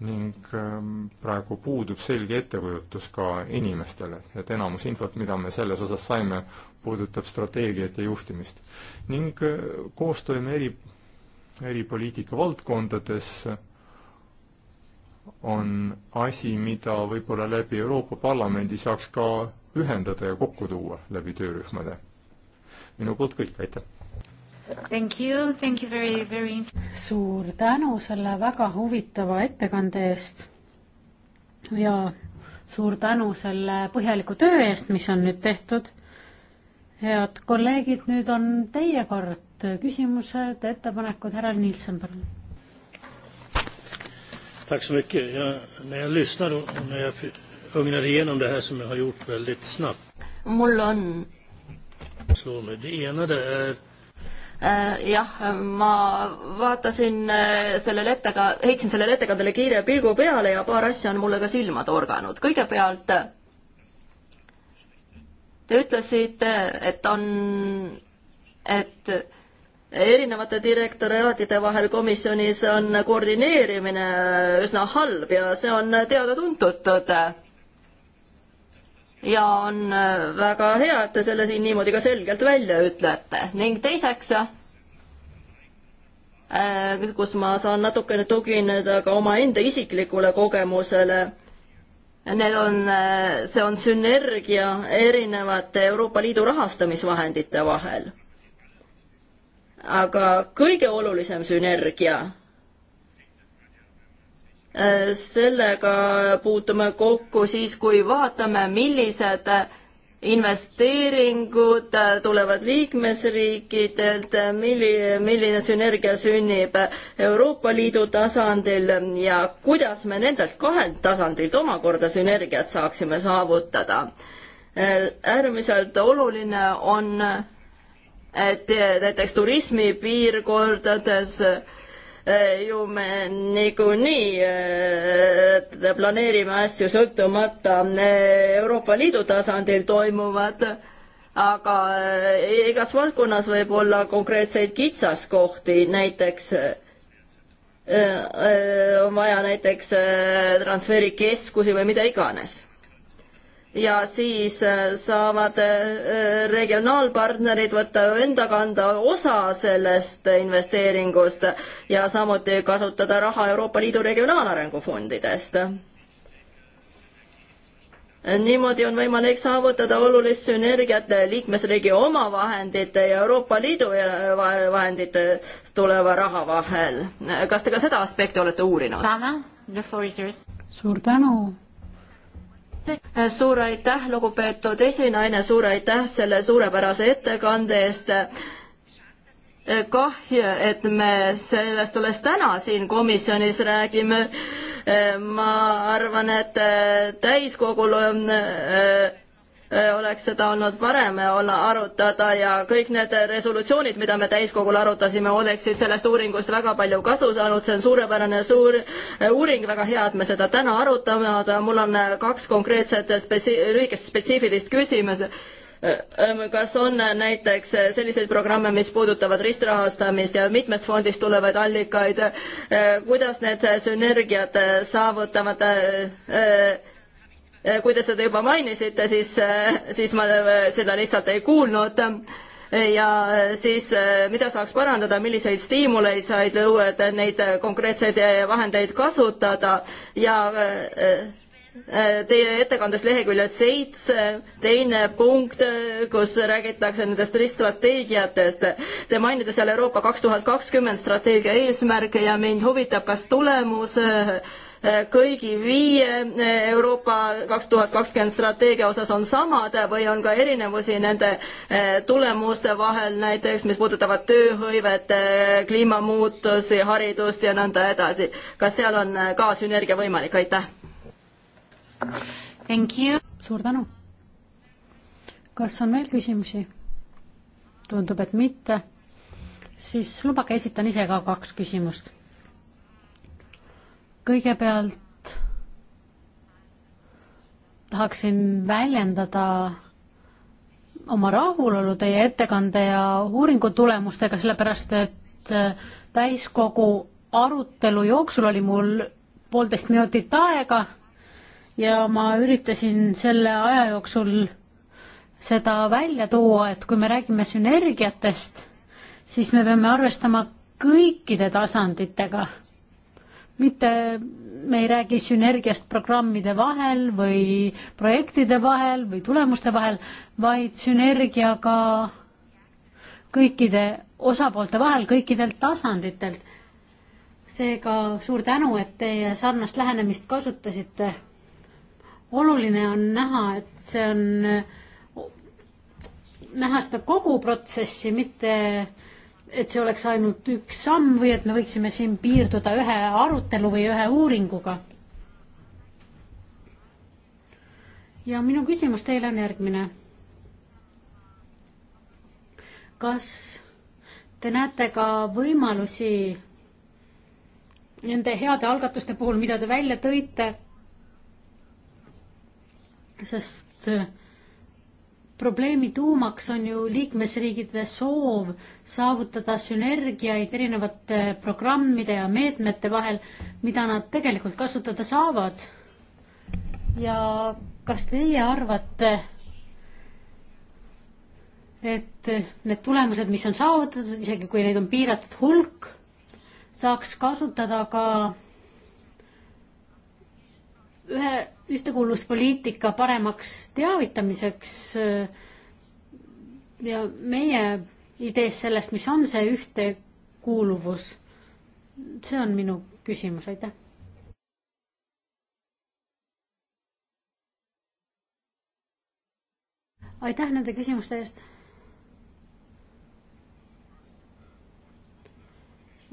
ning ähm, praegu puudub selge ettekujutus ka inimestele, et enamus infot, mida me selles osas saime, puudutab strateegiat ja juhtimist. ning äh, koostoime eri, eri poliitikavaldkondades on asi, mida võib-olla läbi Euroopa Parlamendi saaks ka ühendada ja kokku tuua läbi töörühmade. minu poolt kõik, aitäh! Thank you, thank you very, very suur tänu selle väga huvitava ettekande eest ja suur tänu selle põhjaliku töö eest, mis on nüüd tehtud. head kolleegid, nüüd on teie kord, küsimused, ettepanekud, härra Nilsson, palun. Tack så mycket. Jag, när jag lyssnar och när jag ögnar igenom det här som jag har gjort väldigt snabbt. mul on. det ena det är eh, jah, ma vaatasin eh, sellele ettega-, heitsin sellele ettekandele kiire pilgu peale ja paar asja on mulle ka silma torganud. kõigepealt te ütlesite, et on, et erinevate direktoraatide vahel komisjonis on koordineerimine üsna halb ja see on teada-tuntud tõde ja on äh, väga hea, et te selle siin niimoodi ka selgelt välja ütlete ning teiseks, äh, kus ma saan natukene tugineda ka omaenda isiklikule kogemusele Need on, äh, see on sünergia erinevate Euroopa Liidu rahastamisvahendite vahel. aga kõige olulisem sünergia Äh, sellega puutume kokku siis, kui vaatame, millised investeeringud tulevad liikmesriikidelt, milli-, milline sünergia sünnib Euroopa Liidu tasandil ja kuidas me nendelt kahelt tasandilt omakorda sünergiat saaksime saavutada. Äh, äärmiselt oluline on, et näiteks turismipiirkondades äh, Eh, ju me niikuinii eh, planeerime asju sõltumata eh, Euroopa Liidu tasandil toimuvad, aga igas valdkonnas võib olla konkreetseid kitsaskohti, näiteks on vaja näiteks transferikeskusi või mida iganes ja siis äh, saavad äh, äh, regionaalpartnerid võtta enda kanda osa sellest investeeringust ja samuti kasutada raha Euroopa Liidu regionaalarengu fondidest. niimoodi on võimalik saavutada olulist sünergiat liikmesriigi omavahendite ja Euroopa Liidu vahendite tuleva raha vahel. kas te ka seda aspekti olete uurinud? suur tänu suur aitäh, lugupeetud esinaine, suur aitäh selle suurepärase ettekande eest kahju, et me sellest alles täna siin komisjonis räägime. ma arvan, et täiskogul on Äh, oleks seda olnud parem olla, arutada ja kõik need resolutsioonid, mida me täiskogul arutasime, oleksid sellest uuringust väga palju kasu saanud, see on suurepärane suur äh, uuring, väga hea, et me seda täna arutame, aga mul on äh, kaks konkreetset spetsi-, lühikest spetsiifilist küsimust ähm, kas on näiteks selliseid programme, mis puudutavad ristrahastamist ja mitmest fondist tulevaid allikaid, kuidas need sünergiad saavutavad Eh, kui te seda juba mainisite, siis, eh, siis ma eh, seda lihtsalt ei kuulnud. ja siis, mida saaks parandada, milliseid stiimuleid said luua, et neid konkreetseid vahendeid kasutada ja Teie ettekandes leheküljel seitse, teine punkt, kus räägitakse nendest strateegiatest. Te mainite seal Euroopa kaks tuhat kakskümmend strateegia eesmärke ja mind huvitab, kas tulemus äh, kõigi viie eh, Euroopa kaks tuhat kakskümmend strateegia osas on samad või on ka erinevusi nende eh, tulemuste vahel, näiteks mis puudutavad tööhõivet, eh, kliimamuutusi, haridust ja nõnda edasi. kas seal on ka sünergia võimalik, aitäh! suur tänu! kas on veel küsimusi? tundub, et mitte. siis lubage, esitan ise ka kaks küsimust kõigepealt tahaksin väljendada oma rahulolu teie ettekande ja uuringu tulemustega, sellepärast et äh, täiskogu arutelu jooksul oli mul poolteist minutit aega ja ma üritasin selle aja jooksul seda välja tuua, et kui me räägime sünergiatest, siis me peame arvestama kõikide tasanditega mitte me ei räägi sünergiast programmide vahel või projektide vahel või tulemuste vahel, vaid sünergiaga kõikide osapoolte vahel, kõikidelt tasanditelt. seega suur tänu, et teie sarnast lähenemist kasutasite. oluline on näha, et see on, näha seda kogu protsessi, mitte äh, et see oleks ainult üks samm või et me võiksime siin piirduda ühe arutelu või ühe uuringuga. ja minu küsimus teile on järgmine. kas te näete ka võimalusi nende heade algatuste puhul, mida te välja tõite, sest äh, probleemi tuumaks on ju liikmesriigide soov saavutada sünergiaid erinevate programmide ja meetmete vahel, mida nad tegelikult kasutada saavad. ja kas teie arvate, et need tulemused, mis on saavutatud, isegi kui neid on piiratud hulk, saaks kasutada ka ühe ühtekuuluvuspoliitika paremaks teavitamiseks äh, ja meie idees sellest, mis on see ühtekuuluvus, see on minu küsimus, aitäh. aitäh nende küsimuste eest.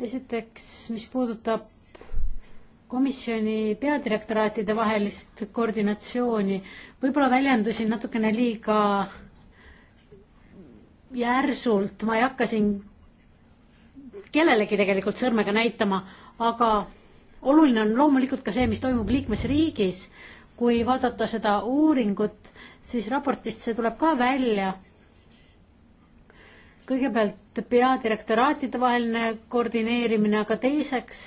esiteks, mis puudutab komisjoni peadirektoraatide vahelist koordinatsiooni. võib-olla väljendusin natukene liiga järsult, ma ei hakka siin kellelegi tegelikult sõrmega näitama, aga oluline on loomulikult ka see, mis toimub liikmesriigis. kui vaadata seda uuringut, siis raportist see tuleb ka välja kõigepealt peadirektoraatide vaheline koordineerimine, aga teiseks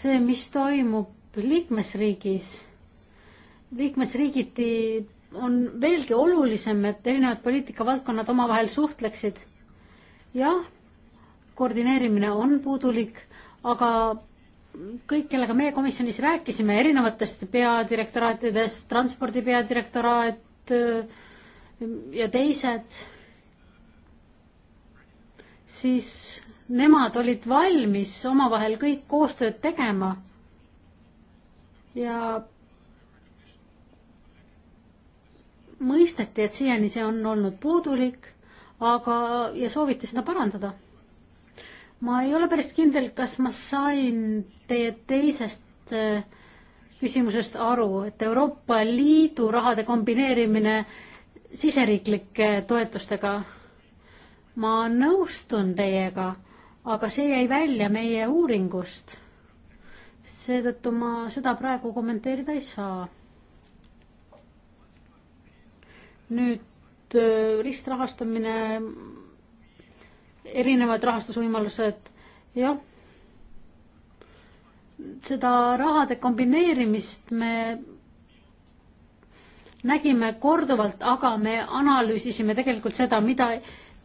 see, mis toimub liikmesriigis. liikmesriigiti on veelgi olulisem, et erinevad poliitikavaldkonnad omavahel suhtleksid. jah, koordineerimine on puudulik, aga kõik, kellega meie komisjonis rääkisime erinevatest peadirektoraatidest, transpordi peadirektoraat ja teised siis nemad olid valmis omavahel kõik koostööd tegema. ja mõisteti, et siiani see on olnud puudulik, aga, ja sooviti seda parandada. ma ei ole päris kindel, kas ma sain teie teisest äh, küsimusest aru, et Euroopa Liidu rahade kombineerimine siseriiklike toetustega ma nõustun teiega, aga see jäi välja meie uuringust. seetõttu ma seda praegu kommenteerida ei saa. nüüd äh, ristrahastamine, erinevad rahastusvõimalused, jah, seda rahade kombineerimist me nägime korduvalt, aga me analüüsisime tegelikult seda, mida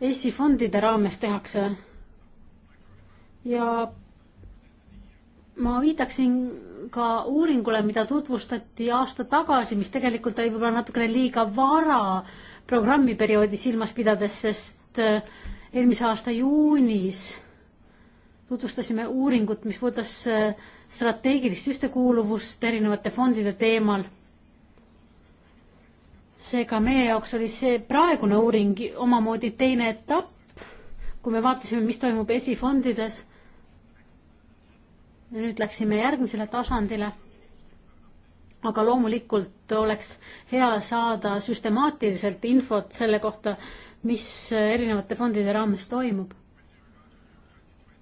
ESI fondide raames tehakse. ja ma viitaksin ka uuringule, mida tutvustati aasta tagasi, mis tegelikult oli võib-olla natukene liiga vara programmiperioodi silmas pidades, sest äh, eelmise aasta juunis tutvustasime uuringut, mis puudutas äh, strateegilist ühtekuuluvust erinevate fondide teemal seega meie jaoks oli see praegune uuring omamoodi teine etapp, kui me vaatasime, mis toimub esifondides. nüüd läksime järgmisele tasandile. aga loomulikult oleks hea saada süstemaatiliselt infot selle kohta, mis erinevate fondide raames toimub.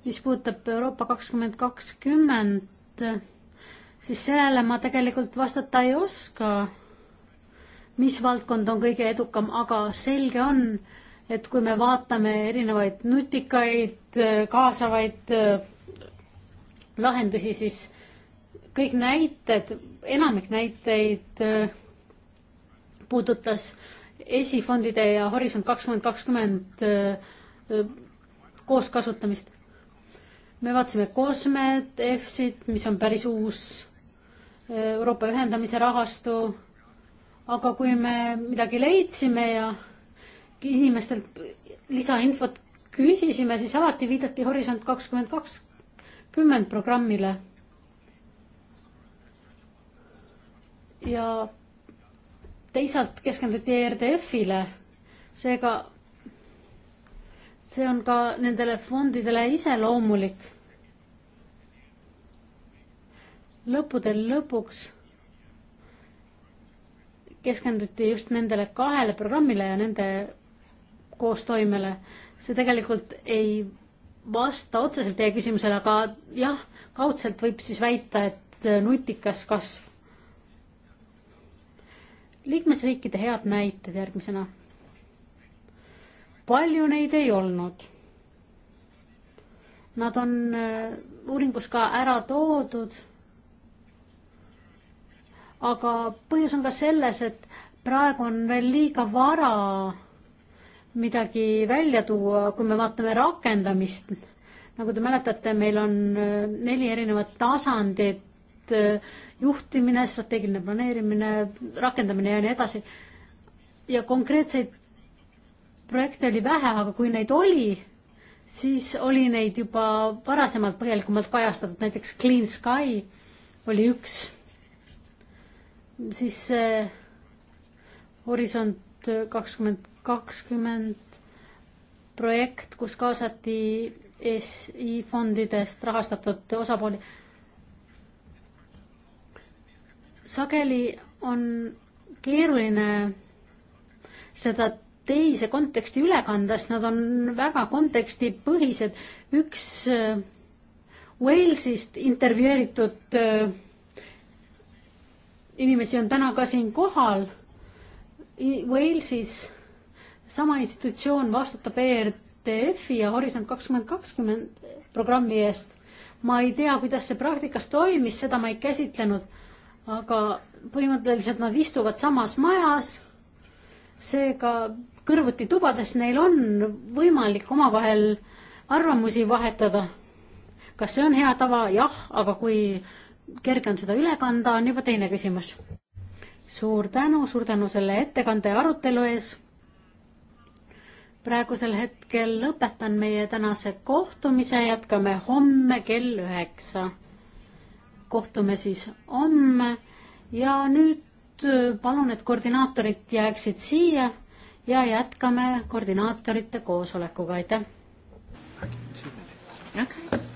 mis puudutab Euroopa kakskümmend kakskümmend, siis sellele ma tegelikult vastata ei oska mis valdkond on kõige edukam, aga selge on, et kui me vaatame erinevaid nutikaid, kaasavaid äh, lahendusi, siis kõik näited, enamik näiteid äh, puudutas esifondide ja Horisont kakskümmend kakskümmend äh, kooskasutamist. me vaatasime Cosmet, EFSit, mis on päris uus Euroopa ühendamise rahastu aga kui me midagi leidsime ja inimestelt lisainfot küsisime, siis alati viidati Horisont kakskümmend kakskümmend programmile. ja teisalt keskenduti ERDF-ile, seega see on ka nendele fondidele iseloomulik. lõppude lõpuks keskenduti just nendele kahele programmile ja nende koostoimele. see tegelikult ei vasta otseselt teie küsimusele, aga jah, kaudselt võib siis väita, et nutikas kasv. liikmesriikide head näited järgmisena. palju neid ei olnud. Nad on äh, uuringus ka ära toodud aga põhjus on ka selles, et praegu on veel liiga vara midagi välja tuua, kui me vaatame rakendamist. nagu te mäletate, meil on äh, neli erinevat tasandit, äh, juhtimine, strateegiline planeerimine, rakendamine ja nii edasi. ja konkreetseid projekte oli vähe, aga kui neid oli, siis oli neid juba varasemalt põhjalikumalt kajastatud, näiteks Clean Sky oli üks siis see Horisont kakskümmend kakskümmend projekt, kus kaasati ESI fondidest rahastatud osapooli. sageli on keeruline seda teise konteksti üle kanda, sest nad on väga kontekstipõhised. üks äh, Walesist intervjueeritud äh, inimesi on täna ka siin kohal. Walesis sama institutsioon vastutab ERTF-i ja Horisont kakskümmend kakskümmend programmi eest. ma ei tea, kuidas see praktikas toimis, seda ma ei käsitlenud, aga põhimõtteliselt nad istuvad samas majas. seega kõrvuti tubades neil on võimalik omavahel arvamusi vahetada. kas see on hea tava? jah, aga kui kerge on seda üle kanda, on juba teine küsimus. suur tänu, suur tänu selle ettekande ja arutelu ees. praegusel hetkel lõpetan meie tänase kohtumise, jätkame homme kell üheksa. kohtume siis homme ja nüüd äh, palun, et koordinaatorid jääksid siia ja jätkame koordinaatorite koosolekuga, aitäh. Okay.